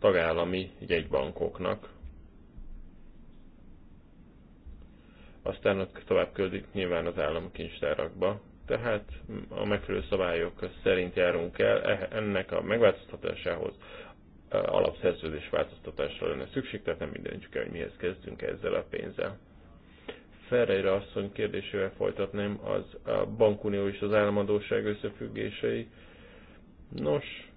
tagállami jegybankoknak. Aztán tovább küldik nyilván az államkincstárakba. Tehát a megfelelő szabályok szerint járunk el e- ennek a megváltoztatásához alapszerződés változtatásra lenne szükség, tehát nem mindenjük el, hogy mihez kezdünk ezzel a pénzzel. Ferreira asszony kérdésével folytatném az a bankunió és az államadóság összefüggései. Nos,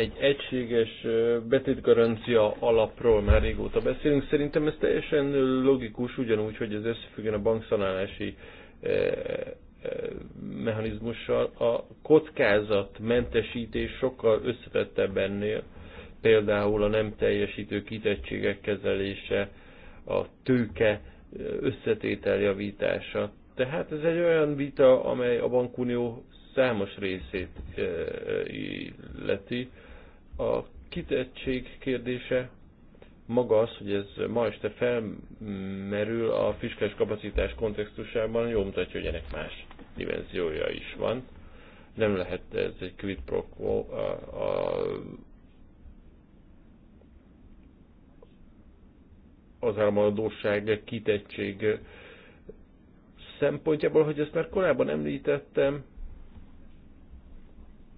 egy egységes betétgarancia alapról már régóta beszélünk. Szerintem ez teljesen logikus, ugyanúgy, hogy ez összefüggően a bankszanálási mechanizmussal. A kockázat mentesítés sokkal összetettebb ennél, például a nem teljesítő kitettségek kezelése, a tőke összetételjavítása. Tehát ez egy olyan vita, amely a bankunió számos részét illeti. A kitettség kérdése maga az, hogy ez ma este felmerül a fiskális kapacitás kontextusában, jól mutatja, hogy ennek más dimenziója is van. Nem lehet ez egy quid pro quo, a, a, az államadóság kitettség szempontjából, hogy ezt már korábban említettem,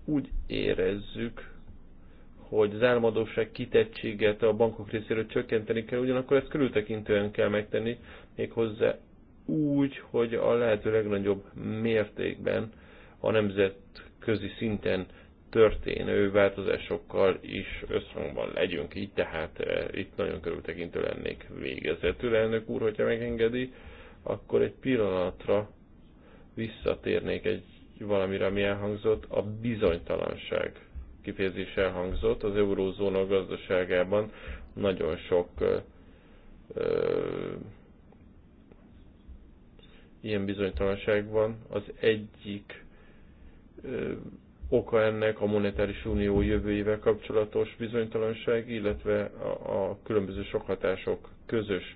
úgy érezzük, hogy az államadóság kitettséget a bankok részéről csökkenteni kell, ugyanakkor ezt körültekintően kell megtenni, méghozzá úgy, hogy a lehető legnagyobb mértékben a nemzetközi szinten történő változásokkal is összhangban legyünk. Így tehát e, itt nagyon körültekintő lennék végezetül, elnök úr, hogyha megengedi, akkor egy pillanatra visszatérnék egy valamire, ami elhangzott, a bizonytalanság kifejezés elhangzott, az eurózóna gazdaságában nagyon sok ö, ö, ilyen bizonytalanság van. Az egyik ö, oka ennek a monetáris unió jövőjével kapcsolatos bizonytalanság, illetve a, a különböző sokhatások közös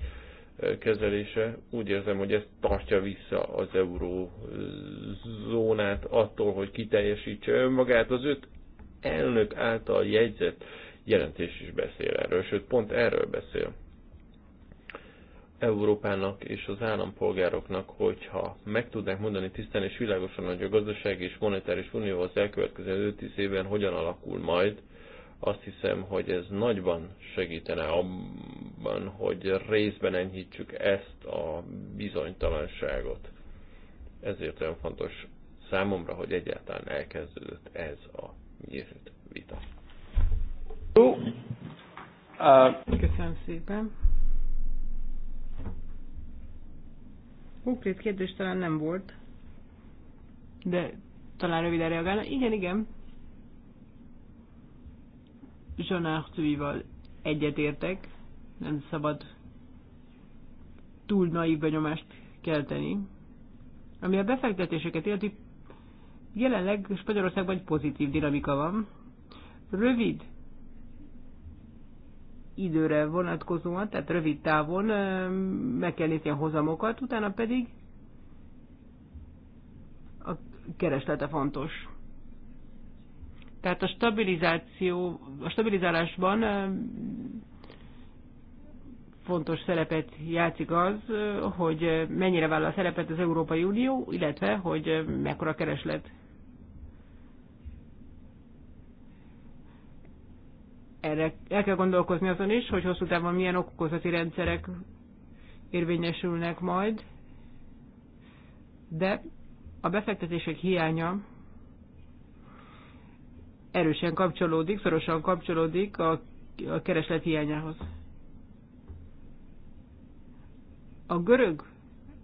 kezelése. Úgy érzem, hogy ez tartja vissza az eurózónát attól, hogy kiteljesítse önmagát. Az öt elnök által jegyzett jelentés is beszél erről, sőt pont erről beszél. Európának és az állampolgároknak, hogyha meg tudnák mondani tisztán és világosan, hogy a gazdasági és monetáris unió az elkövetkező 5-10 évben hogyan alakul majd, azt hiszem, hogy ez nagyban segítene abban, hogy részben enyhítsük ezt a bizonytalanságot. Ezért olyan fontos számomra, hogy egyáltalán elkezdődött ez a nyílt vita. Köszönöm szépen. Konkrét kérdés talán nem volt, de talán röviden reagálna. Igen, igen. Jean Arthuival egyetértek, nem szabad túl naív benyomást kelteni. Ami a befektetéseket illeti, Jelenleg Spanyolországban egy pozitív dinamika van. Rövid időre vonatkozóan, tehát rövid távon meg kell nézni a hozamokat, utána pedig a kereslete fontos. Tehát a stabilizáció, a stabilizálásban fontos szerepet játszik az, hogy mennyire vállal a szerepet az Európai Unió, illetve hogy mekkora kereslet erre el kell gondolkozni azon is, hogy hosszú távon milyen okokozati rendszerek érvényesülnek majd, de a befektetések hiánya erősen kapcsolódik, szorosan kapcsolódik a, a kereslet hiányához. A görög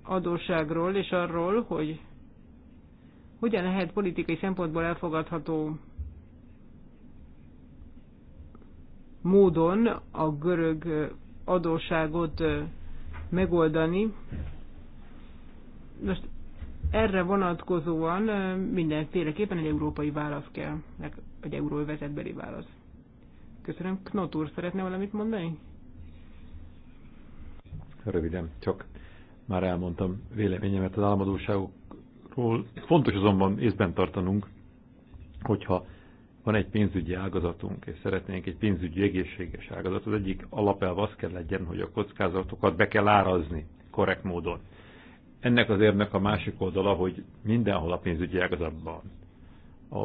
adósságról és arról, hogy hogyan lehet politikai szempontból elfogadható módon a görög adóságot megoldani. Most erre vonatkozóan mindenféleképpen egy európai válasz kell, egy euróvezetbeli válasz. Köszönöm. Knot úr, szeretne valamit mondani? Röviden, csak már elmondtam véleményemet az álmodóságokról. Fontos azonban észben tartanunk, hogyha van egy pénzügyi ágazatunk, és szeretnénk egy pénzügyi egészséges ágazat. Az egyik alapelv az kell legyen, hogy a kockázatokat be kell árazni korrekt módon. Ennek az érnek a másik oldala, hogy mindenhol a pénzügyi ágazatban a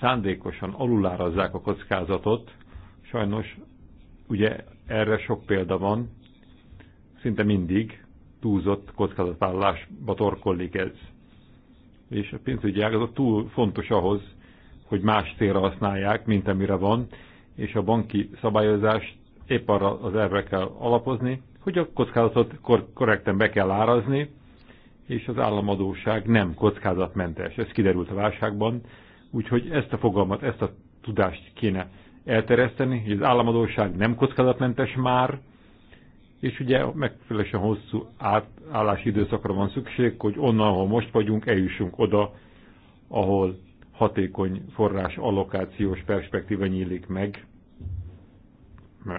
szándékosan alulárazzák a kockázatot, sajnos ugye erre sok példa van, szinte mindig túlzott kockázatvállalásba torkollik ez. És a pénzügyi ágazat túl fontos ahhoz, hogy más célra használják, mint amire van, és a banki szabályozást épp arra az elvre kell alapozni, hogy a kockázatot kor korrekten be kell árazni, és az államadóság nem kockázatmentes. Ez kiderült a válságban, úgyhogy ezt a fogalmat, ezt a tudást kéne eltereszteni, hogy az államadóság nem kockázatmentes már, és ugye megfelelően hosszú átállási időszakra van szükség, hogy onnan, ahol most vagyunk, eljussunk oda, ahol hatékony forrás allokációs perspektíva nyílik meg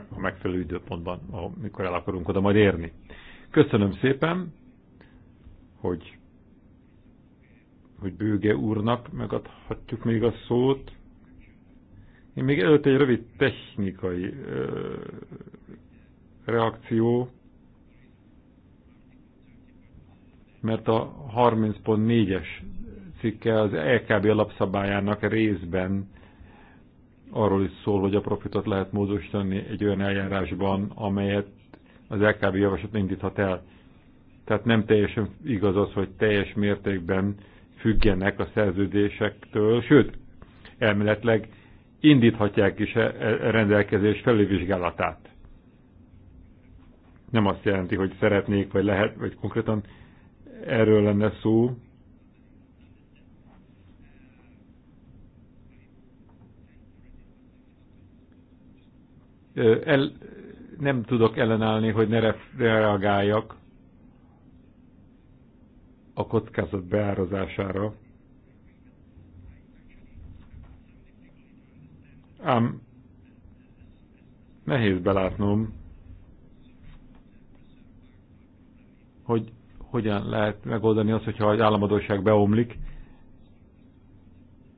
a megfelelő időpontban, amikor el akarunk oda majd érni. Köszönöm szépen, hogy, hogy Bőge úrnak megadhatjuk még a szót. Én még előtte egy rövid technikai ö, reakció, mert a 30.4-es cikke az LKB e alapszabályának részben arról is szól, hogy a profitot lehet módosítani egy olyan eljárásban, amelyet az LKB e javaslat indíthat el. Tehát nem teljesen igaz az, hogy teljes mértékben függenek a szerződésektől, sőt, elméletleg indíthatják is a e, rendelkezés felülvizsgálatát. Nem azt jelenti, hogy szeretnék, vagy lehet, vagy konkrétan erről lenne szó, el, nem tudok ellenállni, hogy ne reagáljak a kockázat beárazására. Ám nehéz belátnom, hogy hogyan lehet megoldani azt, hogyha az államadóság beomlik.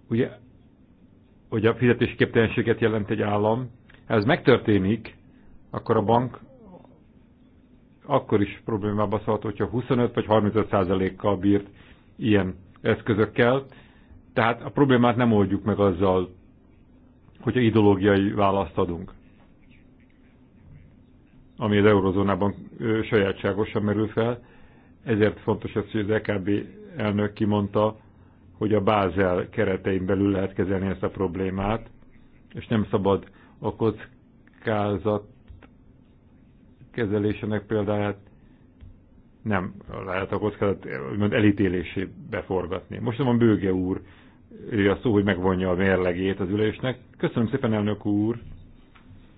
Ugye, hogy a fizetésképtelenséget jelent egy állam, ez megtörténik, akkor a bank akkor is problémába szólt, hogyha 25 vagy 35 százalékkal bírt ilyen eszközökkel. Tehát a problémát nem oldjuk meg azzal, hogyha ideológiai választ adunk. Ami az eurozónában sajátságosan merül fel. Ezért fontos az, hogy az EKB elnök kimondta, hogy a Bázel keretein belül lehet kezelni ezt a problémát, és nem szabad a kockázat kezelésének példáját nem lehet a kockázat úgymond elítélésébe forgatni. Most a Bőge úr, ő a szó, hogy megvonja a mérlegét az ülésnek. Köszönöm szépen, elnök úr.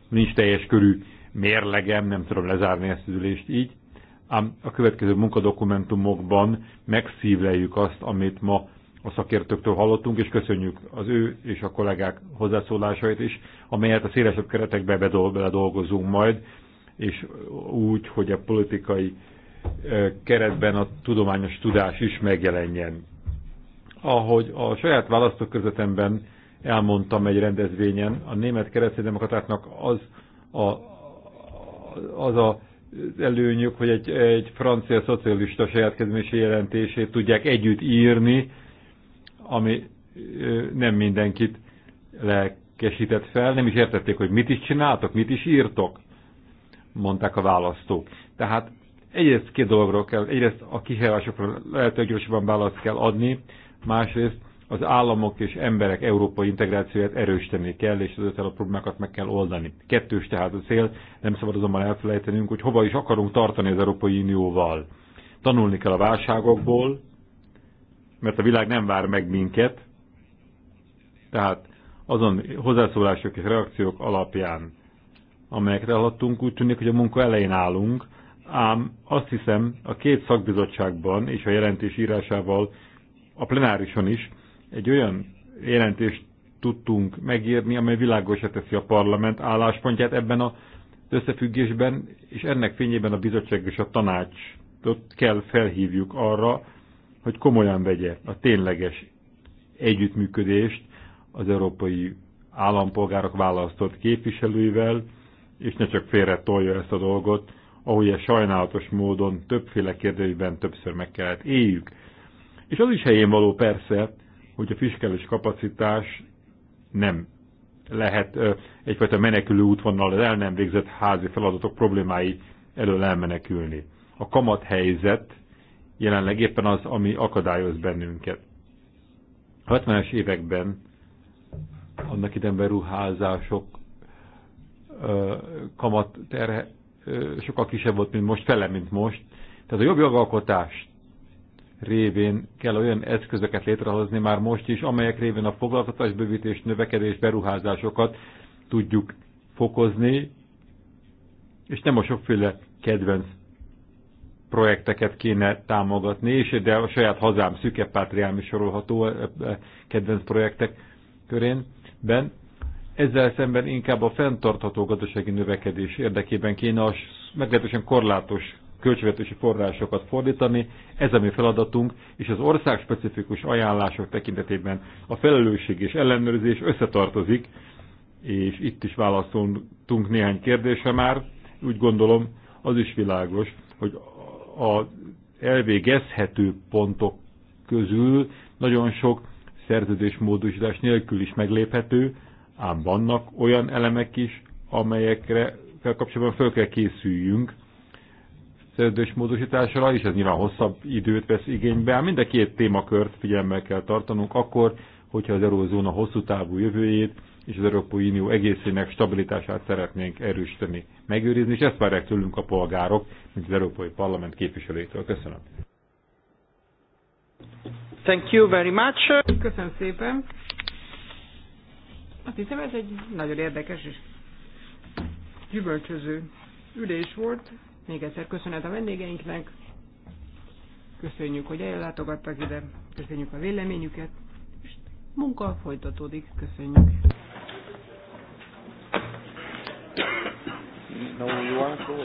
Nincs teljes körű mérlegem, nem tudom lezárni ezt az ülést így. Ám a következő munkadokumentumokban megszívleljük azt, amit ma a szakértőktől hallottunk, és köszönjük az ő és a kollégák hozzászólásait is, amelyet a szélesebb keretekbe beledolgozunk majd, és úgy, hogy a politikai keretben a tudományos tudás is megjelenjen. Ahogy a saját választókörzetemben elmondtam egy rendezvényen, a német kereszténydemokratáknak az a, az a előnyük, hogy egy, egy francia szocialista saját kezdeményezési jelentését tudják együtt írni, ami nem mindenkit lelkesített fel, nem is értették, hogy mit is csináltok, mit is írtok, mondták a választók. Tehát egyrészt két dologról kell, egyrészt a kihívásokra lehetőleg gyorsabban választ kell adni, másrészt az államok és emberek európai integrációját erősíteni kell, és az a problémákat meg kell oldani. Kettős tehát a cél, nem szabad azonban elfelejtenünk, hogy hova is akarunk tartani az Európai Unióval. Tanulni kell a válságokból, mert a világ nem vár meg minket, tehát azon hozzászólások és reakciók alapján, amelyekre hallottunk, úgy tűnik, hogy a munka elején állunk, ám azt hiszem a két szakbizottságban és a jelentés írásával a plenárison is egy olyan jelentést tudtunk megírni, amely világosra teszi a parlament álláspontját ebben az összefüggésben, és ennek fényében a bizottság és a tanácsot kell felhívjuk arra, hogy komolyan vegye a tényleges együttműködést az európai állampolgárok választott képviselőivel, és ne csak félre tolja ezt a dolgot, ahogy ez sajnálatos módon többféle kérdésben többször meg kellett éljük. És az is helyén való persze, hogy a fiskális kapacitás nem lehet egyfajta menekülő útvonal az el nem végzett házi feladatok problémái elől elmenekülni. A kamathelyzet jelenleg éppen az, ami akadályoz bennünket. A 70-es években annak idején beruházások kamat terhe sokkal kisebb volt, mint most, fele, mint most. Tehát a jobb jogalkotás révén kell olyan eszközöket létrehozni már most is, amelyek révén a foglalkoztatás, bővítés, növekedés, beruházásokat tudjuk fokozni, és nem a sokféle kedvenc projekteket kéne támogatni, és de a saját hazám szüke pátriám is sorolható e, e, kedvenc projektek körén. Ben. Ezzel szemben inkább a fenntartható gazdasági növekedés érdekében kéne a meglehetősen korlátos költségvetési forrásokat fordítani, ez a mi feladatunk, és az ország specifikus ajánlások tekintetében a felelősség és ellenőrzés összetartozik, és itt is válaszoltunk néhány kérdésre már, úgy gondolom, az is világos, hogy az elvégezhető pontok közül nagyon sok szerződésmódosítás nélkül is megléphető, ám vannak olyan elemek is, amelyekre kapcsolatban fel kell készüljünk szerződésmódosításra, és ez nyilván hosszabb időt vesz igénybe, ám mind a két témakört figyelemmel kell tartanunk akkor, hogyha az Eurózóna hosszú távú jövőjét és az Európai Unió egészének stabilitását szeretnénk erősíteni megőrizni, és ezt várják tőlünk a polgárok, mint az Európai Parlament képviselőitől. Köszönöm. Thank you very much. Köszönöm szépen. Azt hiszem, ez egy nagyon érdekes és gyümölcsöző ülés volt. Még egyszer köszönet a vendégeinknek. Köszönjük, hogy ellátogattak ide. Köszönjük a véleményüket. Munka folytatódik. Köszönjük. No, you are.